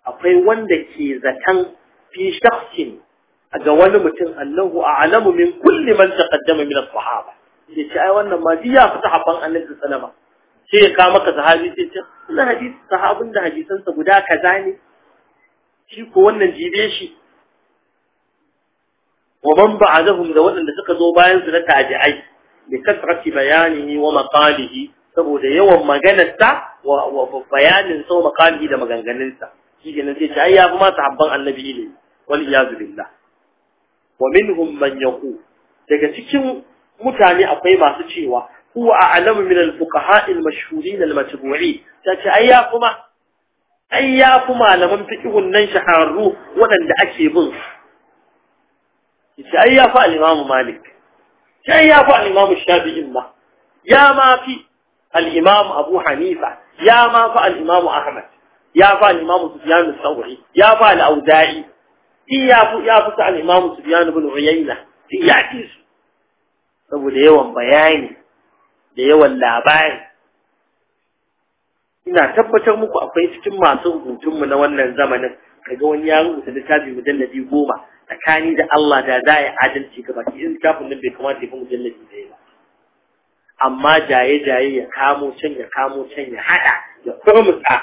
akwai wanda ke zaton fi shakhsin ga wani mutum a a'lamu min kulli man kaddama min as-sahaba yace ai wannan ma biya fi habban annabi sallama sai ya kawo maka sahabi sai ce na hadisi sahabin da hadisansa guda kaza ne shi ko wannan jibe shi wa man ba'adahum da waɗanda suka zo bayan su na tabi'ai bi kasrati bayanihi wa maqalihi saboda yawan maganarsa wa bayanin sa wa maqalihi da maganganunsa shi ne sai ta ayyafa ma sahabban annabi ne wal iyad billah wa minhum man yaqul daga cikin mutane akwai masu cewa huwa a'lamu min al-fuqaha al-mashhurin al matbui ta ce ayya kuma ai ya fi malaman fiqhun nan shahararru waɗanda ake bin shi ai ya fi al-Imam Malik sai ya fi al-Imam Shafi'i ma ya ma fi al-Imam Abu Hanifa ya ma fi al-Imam Ahmad ya fi al-Imam Sufyan al-Thawri ya fi al-Auza'i ya fi ya fi al-Imam Sufyan ibn Uyayna ya ci saboda yawan bayani da yawan labari ina tabbatar muku akwai cikin masu rubutunmu na wannan zamanin kaga wani ya rubuta littafi mujalladi goma tsakani da Allah da za a yi adalci ga baki in littafin nan bai kamata ya fi mujalladi da ba amma jaye-jaye ya kamo can ya kamo can ya haɗa ya kurmusa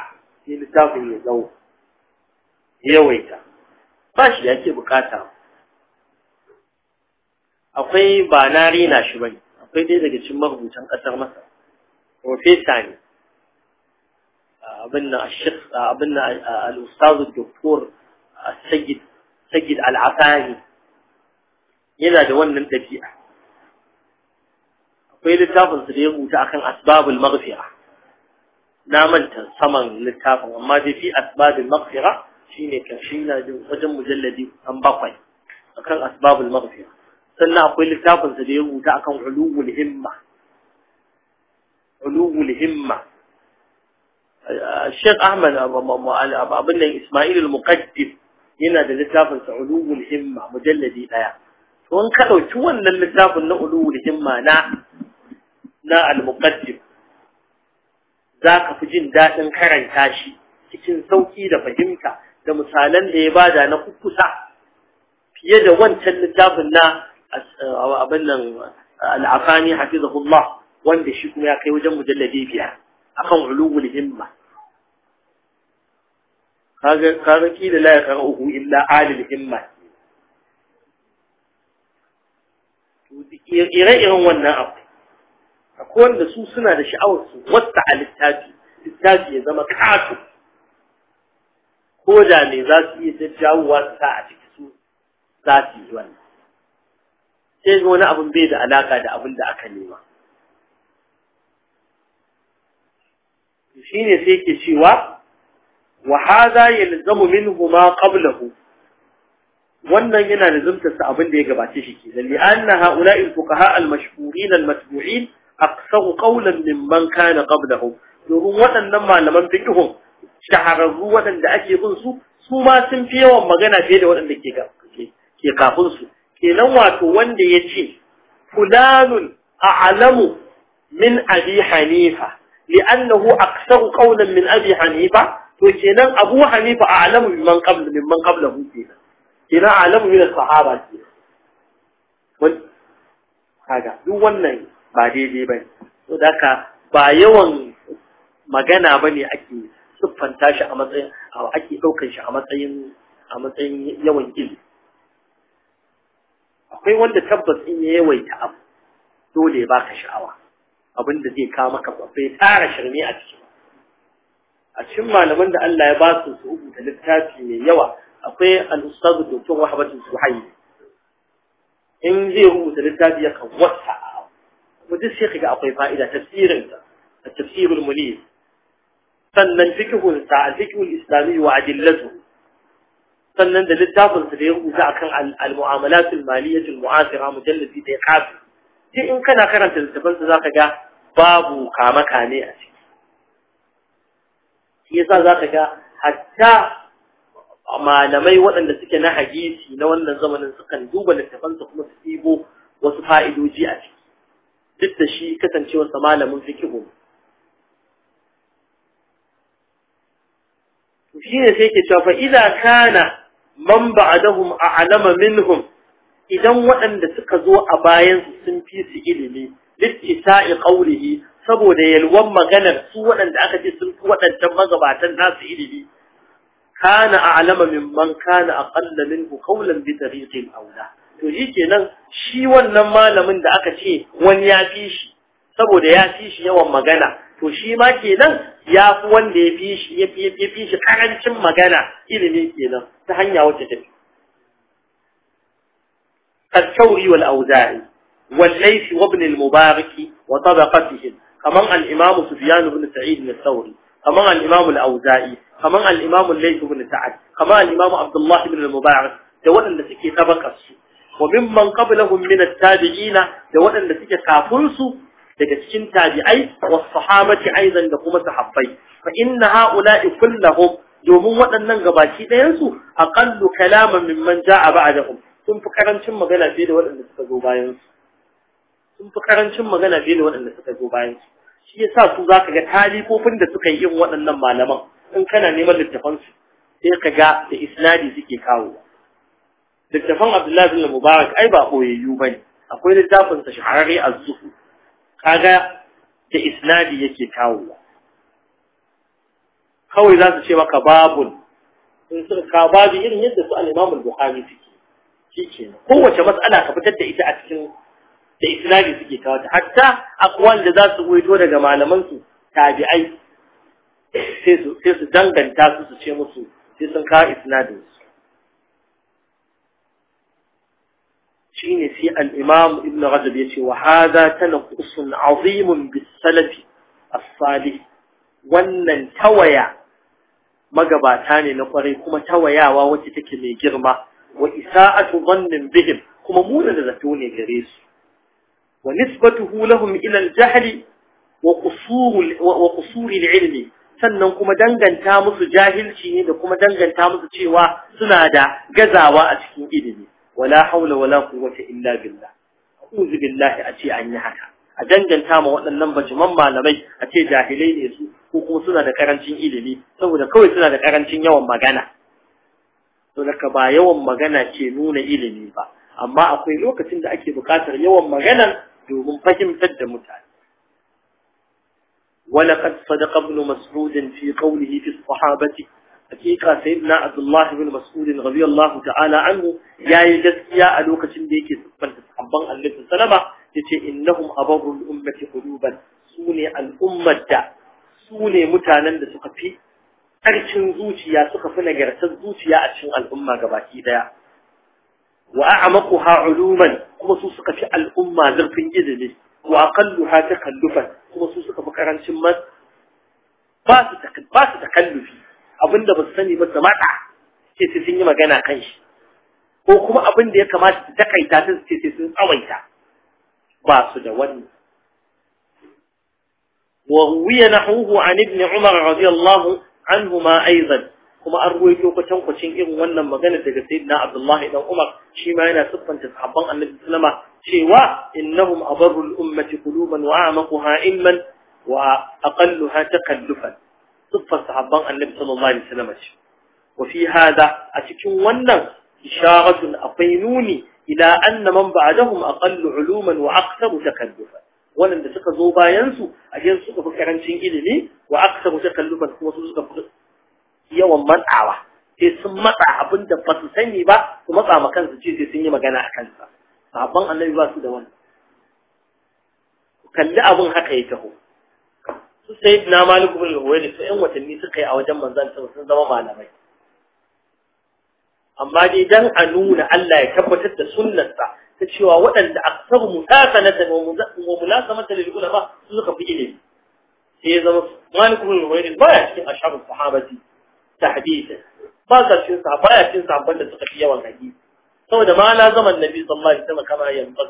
sai littafin ya zau. yawaita ba shi yake bukata akwai ba na rena shi bane akwai dai daga cikin marubutan ƙasar masa profesa ne ابن الشخص ابن الاستاذ الدكتور السيد سيد العفاني يلا ده ونن دقيقه قيل التافل تريد وجه عن اسباب المغفره نامنت سمن للتاف اما دي في اسباب المغفره شيني تشيلا وجه مجلدي ام باقي اكثر اسباب المغفره سنه قيل التافل تريد وجه عن علو الهمه علو الهمه Sheikh Ahmad abin nan Ismail al-Muqaddim yana da littafin sa ulul himma mujalladi to ka wannan littafin na ulul himma na na al-Muqaddim zaka fi jin dadin karanta shi cikin sauki da fahimta da misalan da ya bada na kukusa fiye da wancan littafin na abin nan al-Afani hafizahullah wanda shi kuma ya kai wajen mujalladi biyar akan ulul himma kaga kaga kila la yaqra'uhu illa alil himma to ire-iren wannan abu akwai wanda su suna da sha'awar su wasta a littafi littafi ya zama kafu ko da ne za su iya jajjawowa su sa a ciki su za su yi wannan sai wani abin bai da alaka da abin da aka nema shine sai yake cewa wa hadha yalzamu minhu ma qablahu wannan yana lazimta sa abin da ya gabace shi ke dalli anna haula'i fuqaha al-mashhurin al-matbu'in aqsahu qawlan mimman kana qablahum domin waɗannan malaman fiqhun shahararru waɗanda ake bin su su ma sun fi yawan magana fiye da waɗanda ke ke kafin su kenan wato wanda ya ce fulanun a'lamu min abi hanifa li'annahu aksaru qawlan min abi hanifa to kenan abu hanifa a'lamu قبل من, من قبله kenan kenan a'lamu min sahaba kenan kaga duk wannan ba daidai bane to daka ba yawan magana bane ake siffanta shi a matsayin ake daukar shi a matsayin a matsayin yawan ilimi akwai wanda tabbas in ya yawaita dole ya baka sha'awa abin da zai kawo maka babbai tara shirme a cikin a cikin malaman da Allah ya ba su su rubuta littafi mai yawa akwai al-ustadu doktor wahabatu suhayi in zai rubuta littafi ya kan wata mu duk sai kaga akwai fa'ida tafsirin sa tafsirul munir sannan fikhun sa al-fikhul islami wa adillatu sannan da littafin sa da ya rubuta akan al-mu'amalatul maliyatul mu'asira mujalladi da ya kafi sai in kana karanta littafin sa zaka ga babu kama kame a ciki shi yasa za ka ga hatta malamai waɗanda suke na hadisi na wannan zamanin sukan duba littafansa kuma su ɗibo wasu fa'idoji a ciki duk da shi kasancewarsa malamin fikihu shi ne sai ke cewa fa kana man a a'lama minhum idan waɗanda suka zo a bayansu sun fi su ilimi littisa'i qawlihi saboda yalwan maganar su waɗanda aka ce sun waɗancan magabatan nasu ilimi kana a'lama mimman kana aqalla minhu qawlan bi tariqin awla to kenan shi wannan malamin da aka ce wani ya fi shi saboda ya fi shi yawan magana to shi ma kenan ya fi wanda ya fi shi ya fi shi karancin magana ilimi kenan ta hanya wacce ta fi al wal awza'i والليث وابن المبارك وطبقتهم كما الإمام سفيان بن سعيد الثوري كما الإمام الاوزاعي كما الإمام الليث بن سعد كما الإمام عبد الله بن المبارك دولا لسكي طبق وممن قبلهم من التابعين دولا لسكي كافرسوا لكسكين تابعي والصحابة أيضا لكم سحبي فإن هؤلاء كلهم يومون وأن ننقبا كيدا ينسوا أقل كلاما ممن جاء بعدهم ثم فكرا ثم قلت دولا لسكي طبق sun fi karancin magana fiye da waɗanda suka zo bayan su shi yasa su za ka ga talifofin da suka yi yin waɗannan malaman in kana neman littafansu sai ka ga da isnadi suke kawo littafan abdullahi bin mubarak ai ba koyayyu ba ne akwai littafin sa shahararre a zuhu kaga da isnadi yake kawo kawai za su ce maka babun in suka ka babu irin yadda su al Buhari bukhari suke shi kenan kowace mas'ala ka fitar da ita a cikin da isnadi suke kawo ta hatta akwai da za su wito daga malamansu, tabi'ai sai su danganta su su ce musu sai sun kawo isnadin su shine sai al-imam ibn rajab yace wa hadha tanqusun azimun bis-salafi as-salih wannan tawaya magabata ne na kwarai kuma tawayawa wacce take mai girma wa isa'atu dhannin bihim kuma muna da zato ne gare su ونسبته لهم إلى الجهل وقصور, وقصور العلم sannan kuma danganta musu jahilci ne da kuma danganta musu cewa suna da gazawa a cikin ilimi wala haula wala quwwata illa billah a'udhu billahi a ce an yi haka a danganta ma waɗannan bajiman malamai a ce jahilai ne su ko kuma suna da karancin ilimi saboda kawai suna da karancin yawan magana to daga ba yawan magana ke nuna ilimi ba amma akwai lokacin da ake buƙatar yawan maganan domin fahimtar da mutane wala qad sadaqa ibn mas'ud fi qawlihi fi sahabati haqiqa sayyidina abdullah ibn mas'ud radiyallahu ta'ala anhu yayi gaskiya a lokacin da yake sabban sahabban annabi sallama yace innahum ababul ummati quluban sune al-ummat da sune mutanen da suka fi karcin zuciya suka fi nagartar zuciya a cikin al'umma ga baki daya وأعمقها علوما هو سوسك في الأمة ذلك الجذب وأقلها تكلفا هو سوسك بكران شمات باس تكلف باس تكلف أبن دب السنة ما تمتع تسيسيني ما جانا كنش وكما أبن دي كما تتكي تاتس تسيسيني أويتا باس دوان وهو ينحوه عن ابن عمر رضي الله عنهما أيضا kuma an ruwaito kwatan kwacin irin wannan magana daga sayyidina Abdullah ibn Umar shi ma yana siffanta sahabban Annabi sallama cewa innahum abarrul ummati quluban wa amaquha ilman wa aqalluha takallufan siffar sahabban Annabi sallallahu alaihi wasallam shi wa fi hada a cikin wannan isharatun akwai nuni ila anna man ba'dahum aqallu uluman wa aktsaru takallufan wannan da suka zo bayan su a yanzu suka fi karancin ilimi wa aktsaru takallufan kuma su suka yawan matsawa sai sun matsa abin da ba su sani ba su matsa ma kansu ce sai sun yi magana a kansa sabon annabi ba su da wani kalli abin haka ya taho su sai na maliku bin da su yan watanni suka yi a wajen manzan sun zama malamai amma dai dan a nuna Allah ya tabbatar da sunnarsa ta cewa waɗanda aksabu mutasanatan wa munasamatan lil su suka fi ilimi sai ya zama maliku bin huwaili cikin ashabul sahabati تحديثا فقط شنسع فايا شنسع بلد تقفية والحديث سوى ما لازم النبي صلى الله عليه وسلم كما ينبغي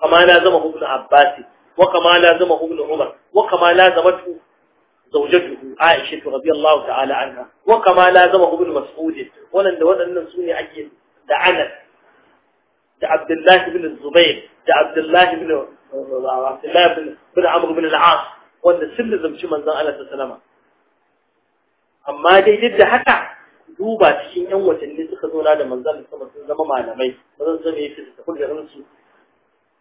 كما لازمه ابن عباس وكما لازمه ابن عمر وكما لازمته زوجته عائشة رضي الله تعالى عنها وكما لازمه ابن مسعود ولن دوان أن نسوني عين دعنا عبد الله بن الزبير عبد الله بن عبد الله بن عمر بن العاص وأن سلزم شمن زال الله سلامه amma dai duk da haka duba cikin yan watanni suka zo da manzon sama sun zama malamai sun zama yake da tafi garin su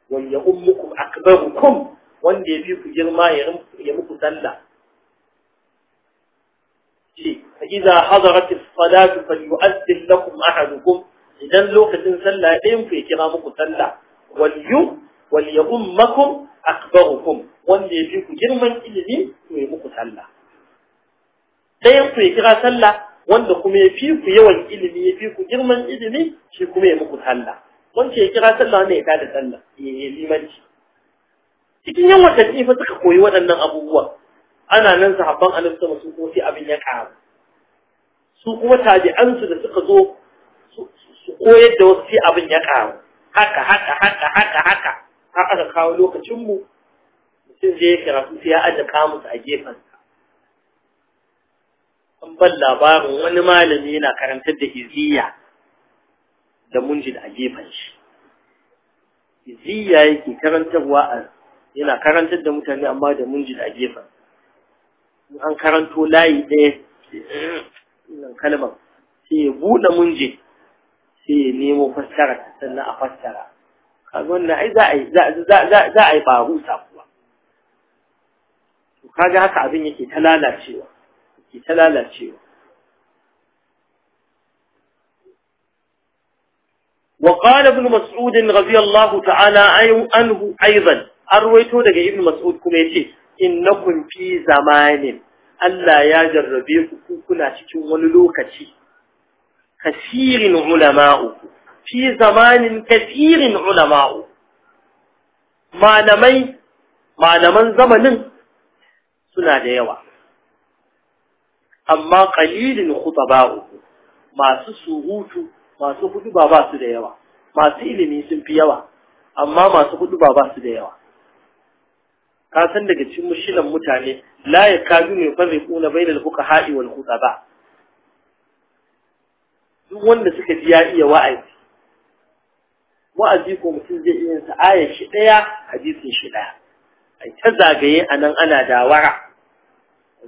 wanda ummukum akbarukum wanda ya bi ku girma ya muku sallah shi idza hadarat as salat falyu'addil lakum ahadukum idan lokacin sallah ɗayan ku ya kira muku sallah wal yu wal yummakum akbarukum wanda ya bi ku girman ilimi to ya muku sallah ɗayan ku ya kira sallah wanda kuma ya fi ku yawan ilimi ya fi ku girman ilimi shi kuma ya muku sallah wanda ya kira sallah ne ya kada sallah ya limanci cikin yan watanni fa suka koyi waɗannan abubuwa ana nan sahabban annabi sama su ko sai abin ya ƙaru su kuma su da suka zo su koyar da wasu sai abin ya ƙaru haka haka haka haka haka har aka kawo lokacin mu mutum zai kira sai ya aje kamus a gefen an ban labarin wani malami yana karantar da iziya da munjid a gefen shi iziya yake karantarwa a yana karantar da mutane amma da munjid a gefen an karanto layi ɗaya nan kalmar sai ya buɗe munjid sai ya nemo fassara sannan a fassara kaga wannan ai za a yi za a yi ba kuwa to kaga haka abin yake ta lalacewa Ki ta lallace ba. Waƙarar Nusmas'udin Rabi'u ta'ala na anhu aizon arwaito daga yin mas'ud kuma yace ce, in kunfi zamanin? Allah ya jarrabe ku, ku na cikin wani lokaci. kasirin shirin fi zamanin ka shirin cula Malaman zamanin suna da yawa. amma qalilin khutaba'u masu surutu masu hudu ba su da yawa masu ilimi sun fi yawa amma masu hudu ba su da yawa ka san daga cikin mushilan mutane la ya kadu ne farriquna bainal fuqaha'i wal khutaba duk wanda suka ji ya iya wa'azi wa'azi ko mutum zai iya sa aya shi daya hadisin shi daya ai ta zagaye anan ana dawara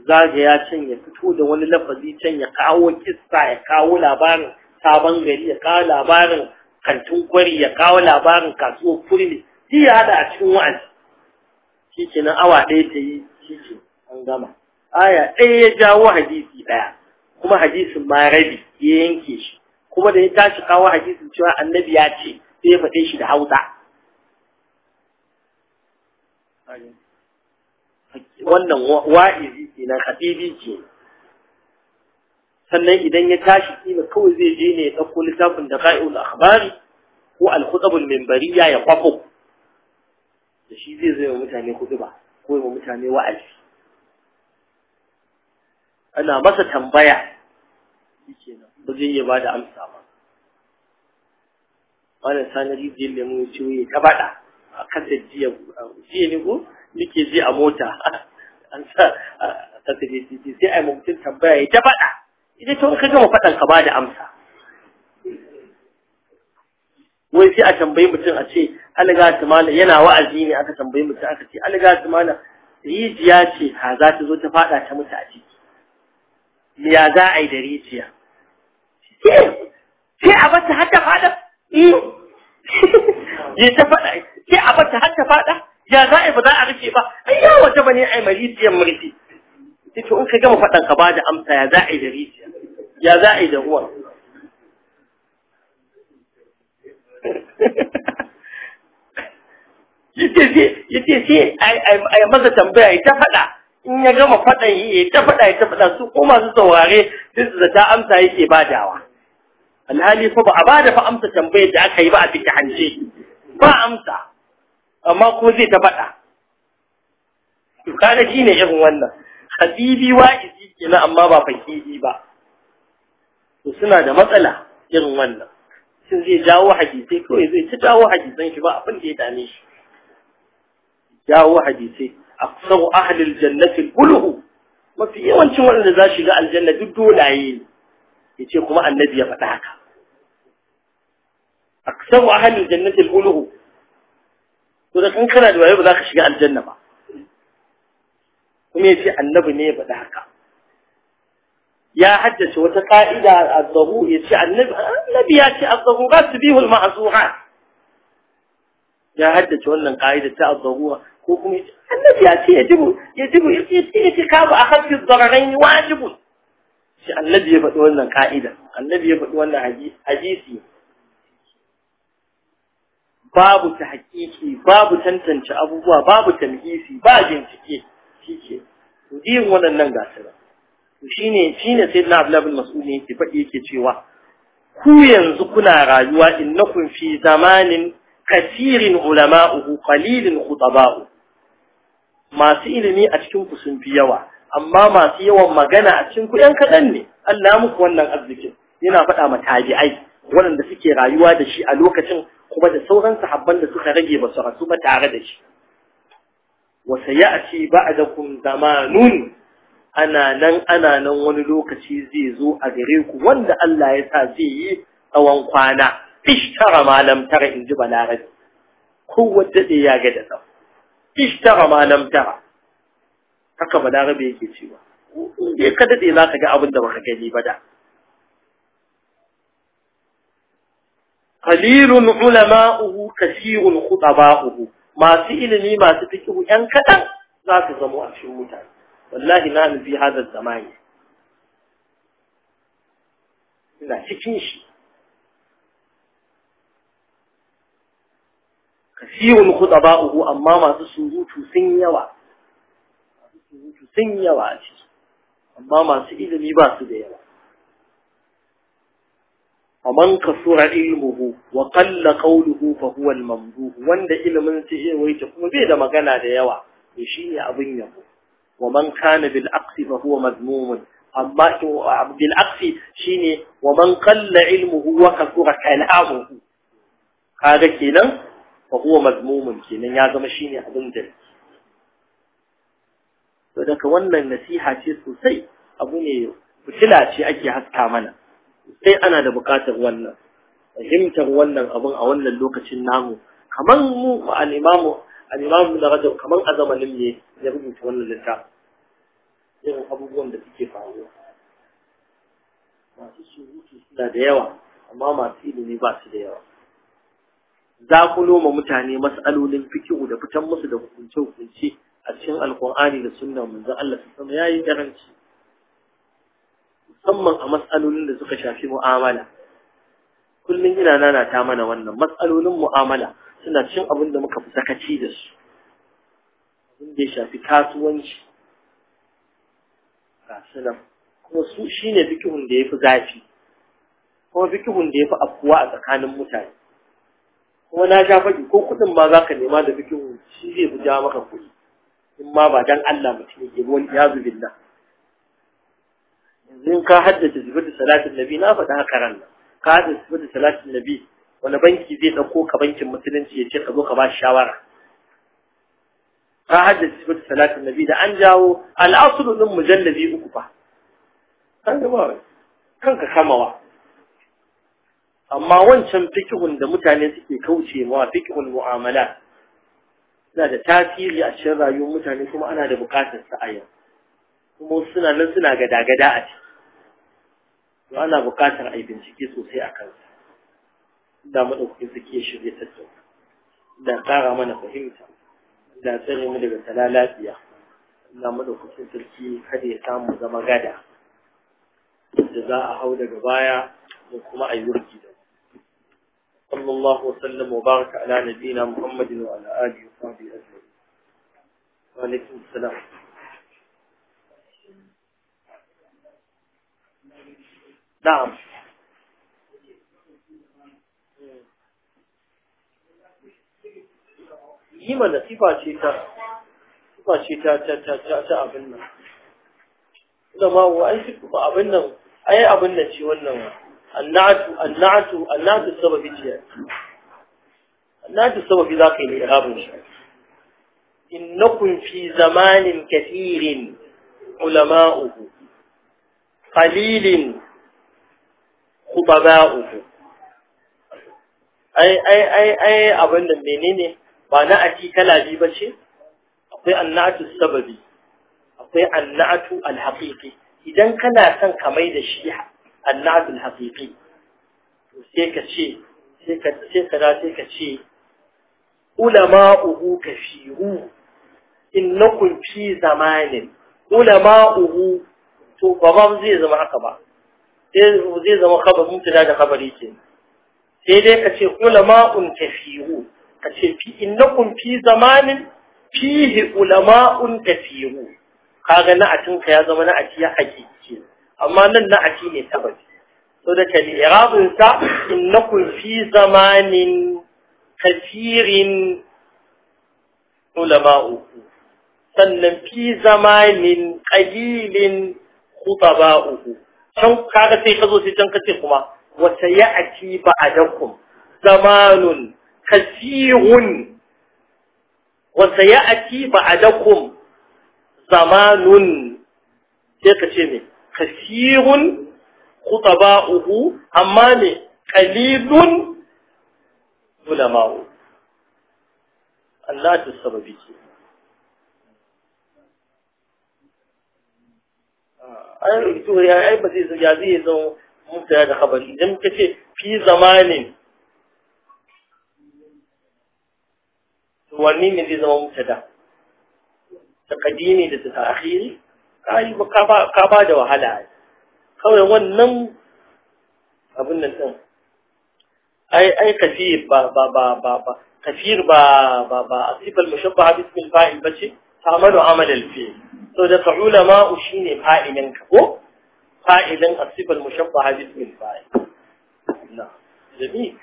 zagaya can ya fito da wani lafazi can ya kawo kissa ya kawo labarin sabon gari ya kawo labarin kantin kwari ya kawo labarin kasuwar kurmi shi ya hada a cikin wa'azi shi ke nan awa ɗaya ta yi shi ke an gama aya ɗaya ya jawo hadisi ɗaya kuma hadisin ma rabi ya yanke shi kuma da ya tashi kawo hadisin cewa annabi ya ce sai ya faɗe shi da hausa wannan wa'izi nan khatibi ke sannan idan ya tashi kila kawai zai je ne ya ɗauko littafin da ka'idul akhbari ko al-khutabul ya kwafo da shi zai zai wa mutane kutuba ko wa mutane wa'azi ana masa tambaya nan ba zai iya da amsa ba wannan sanari jin lemu ya ce ya bada a kan jiya jiya ne ko nake ji a mota <laughs> an sa ta tafi titi sai ai mutum tambaya ya ta faɗa idan to ka gama faɗan ka bada amsa wai sai a tambayi mutum a ce alga tumana yana wa'azi ne aka tambayi mutum aka ce alga tumana rijiya ce ha za ta zo ta faɗa ta mutu a ciki ya za a yi da rijiya sai a bata har ta faɗa eh. <laughs> ya ta faɗa sai a bata har ta faɗa ya za a ba za a rufe ba ai ya waje bane ai marijiyar murfi sai to in ka gama faɗan ka bada amsa ya za a yi da rijiya ya za'i a yi yace shi yace shi ai maza tambaya ya ta fada in ya gama fadan yi ya ta fada ya ta fada su ko masu saurare duk da ta amsa yake badawa alhali fa ba a bada fa amsa tambayar da aka yi ba a fita hanje ba amsa amma kuma zai ta faɗa to kaga ne irin wannan Habibi hadibi wa'izi kenan amma ba fakihi ba to suna da matsala irin wannan shin zai jawo hadisai kawai zai ta jawo hadisan shi ba abin da ya dame shi jawo hadisai aksaru ahlil jannatin kuluhu mafi yawancin waɗanda za shiga aljanna duk dolaye ne Ya ce kuma annabi ya faɗa haka aksaru ahlil jannatin kuluhu. ودك ممكن ادوا يبقى ذاك شقاء الجنة ما كم يتي النبي نيبا ذاك يا حدث وتقائد الضغور يتي النبي يتي الضغورات تبيه المعصوحات يا حدث وانا قائدة الضغور كم يتي النبي يتي يجب يجب يتي يتي يتي كابو أخذ في الضغرين واجب النبي يبقى وانا قائدة النبي يبقى وانا عجيسي عجي babu ta hakiki babu tantance abubuwa babu tamhisi ba bincike shi ke to irin waɗannan gasira to shine shine sai na Abdullah bin ne yake fadi yake cewa ku yanzu kuna rayuwa innakum fi zamanin kasirin ulama'uhu qalilin khutaba'u masu ilimi a cikin ku sun fi yawa amma masu yawan magana a cikin ku yan kaɗan ne Allah muku wannan arzikin yana faɗa ma tabi'ai waɗanda suke rayuwa da shi a lokacin kuma da sauran sahabban da suka rage ba su rasu ba tare da shi wa sayati ba'dakum zamanun ana nan ana nan wani lokaci zai zo a gare ku wanda Allah ya sa zai yi tsawon kwana ishtara malam tara in ji balarabi kowa daɗe ya ga da tsawon ishtara malam tara haka balarabi yake cewa in dai ka daɗe za ka ga abin da baka gani ba da uhu, qalilun ulama'uhu ba uhu, masu ilimi masu fiqhu yan kaɗan za su zamo a cikin mutane wallahi na nufi hadar zamani ina cikin shi kasirun uhu amma masu surutu sun yawa surutu sun yawa a ciki amma masu ilimi ba su da yawa faman كثر علمه وقل قوله فهو الممدوح وند علمن سي wanda ilimin ya waita kuma bai da magana da yawa to ne abin yabo wa man kana bil aqsi huwa madmum amma bil aqsi shine wa man qalla ilmuhu wa kaga kenan fa huwa madmum kenan ya zama ne abin da to daga wannan nasiha ce sosai abu ne fitila ce ake haska mana sai ana da buƙatar wannan fahimtar wannan abun a wannan lokacin namu kamar mu al-imamu al-imamu da kamar a zamanin ne ya rubuta wannan littafin irin abubuwan da suke faruwa masu surutu suna da yawa amma masu ilimi ba su da yawa za ku noma mutane mas'alolin fikihu da fitan musu da hukunce-hukunce a cikin alkur'ani da sunna manzo Allah su sama yayi garanci musamman a matsalolin da suka shafi mu'amala kullum ina ta mana wannan matsalolin mu'amala suna cin abin da muka fi sakaci da su abin da ya shafi kasuwanci ga sunan kuma su shi ne fikihun da ya fi zafi kuma fikihun da ya fi afuwa a tsakanin mutane kuma na sha faɗi ko kuɗin ma za ka nema da fikihun shi zai fi ja maka kuɗi in ma ba dan Allah mutum ya wani ya zubin nan yanzu ka haddace da salatin nabi na faɗa haka ran ka haddace da salatin nabi wani banki zai ɗauko ka bankin musulunci ya ce ka zo ka ba shawara ka haddace da salatin nabi da an jawo al'asulu ɗin mujallabi uku fa kan ka kanka kamawa amma wancan fikihun da mutane suke kauce mawa fikihun mu'amala na da tasiri a cikin rayuwar mutane kuma ana da bukatar sa yau kuma suna nan suna gada-gada a ciki to ana buƙatar a yi bincike sosai a kansa da maɗaukakin suke shirye tattauna da ƙara mana fahimta da tsare mu daga tala lafiya na madaukakin sarki kada ya samu zama gada da za a hau daga baya da kuma a yi wurki da صلى الله وسلم وبارك على نبينا محمد وعلى اله وصحبه اجمعين وعليكم السلام نعم yi mana sifa ce ta sifa ce ta ta ta ta abin nan da ma wa ai shi kuma abin nan ai abin nan ce wannan annatu annatu annatu sababi ce annatu sababi za ka yi irabun shi innakum fi zamanin kathirin ulama'u qalilin khubaba'uhu ai ai ai ai abin da menene ba na aji kala biyu ce?" akwai annatu sababi akwai annatu alhaqiqi idan kana son kamai da shi annatu alhaqiqi sai ka ce sai ka sai ka sai ka ce ulama'uhu kafiru innakum fi zamanin ulama'uhu to ba zai zama haka ba zai zama kabarin mubtada da kabari ke sai dai ka ce ulama'un kafiru ka ce fi innakum fi zamanin fihi ulama'un kafiru kaga na'atin ka ya zama na'ati ya hakiki amma nan na'ati ne tabbati so da kali irabun sa innakum fi zamanin kafirin ulama'u sannan fi zamanin qalilin khutaba'uhu can kaga sai ka zo sai can ka ce kuma wata ya'ati ba'adakum zamanun kasirun wata ya'ati ba'adakum zamanun sai ka ce ne kasirun khutaba'uhu amma ne qalilun ulama'u Allah ta sababi ke ai ya ai ba zai ya zai zo mubtada da khabari idan ce fi zamanin to wanne ne zai zama mubtada kadini da ta'khiri kai ba ka ba da wahala kawai wannan abin nan din ai ai kafir ba ba ba ba ba kafir ba ba ba asibal mushabbaha bismil fa'il bace ta'malu amal al fi'l so da fa'ula ma'u shine fa'ilin ka ko fa'ilin asifal mushabbaha bi ismil fa'il na jami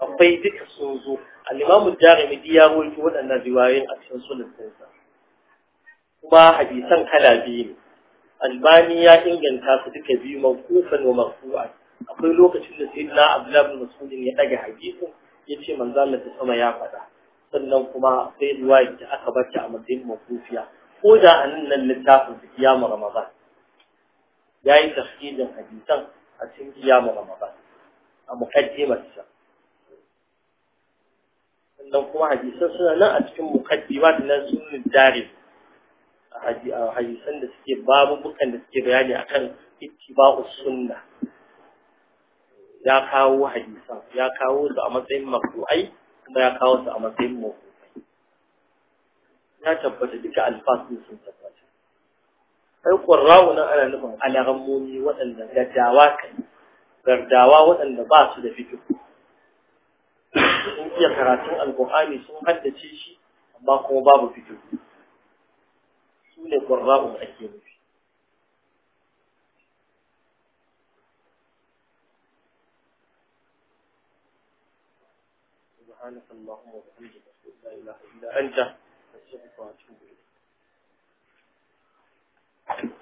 akwai duka sun zo al-imamu jarimi ya rawaito waɗannan riwayoyin a cikin sunan kuma hadisan kala biyu ne albani ya inganta su duka biyu mawqufan wa marfu'an akwai lokacin da sayyidina abdullah bin mas'ud ya daga hadisin yace manzo Allah ta sama ya faɗa sannan kuma sai riwaya da aka bata a matsayin mawqufiya ko da anan nan littafin kiyamu ramadan yayi tafsirin hadisan a cikin kiyamu ramadan a muqaddimarsa sannan kuma hadisan suna nan a cikin muqaddimat na sunan darif hadisan da suke babubukan da suke bayani akan ba sunna ya kawo hadisan ya kawo su a matsayin makru'ai kuma ya kawo su a matsayin mawqufai ya tabbata duka alfasun sun tabbata sai qurra'u ana nufin alaghammomi waɗanda gaddawa kai gardawa waɗanda ba su da fikir sun iya karatun alqur'ani sun haddace shi amma kuma babu fikir su ne gwarra'un ake nufi سبحانك اللهم وبحمدك أشهد أن لا إله إلا أنت أستغفرك وأتوب إليك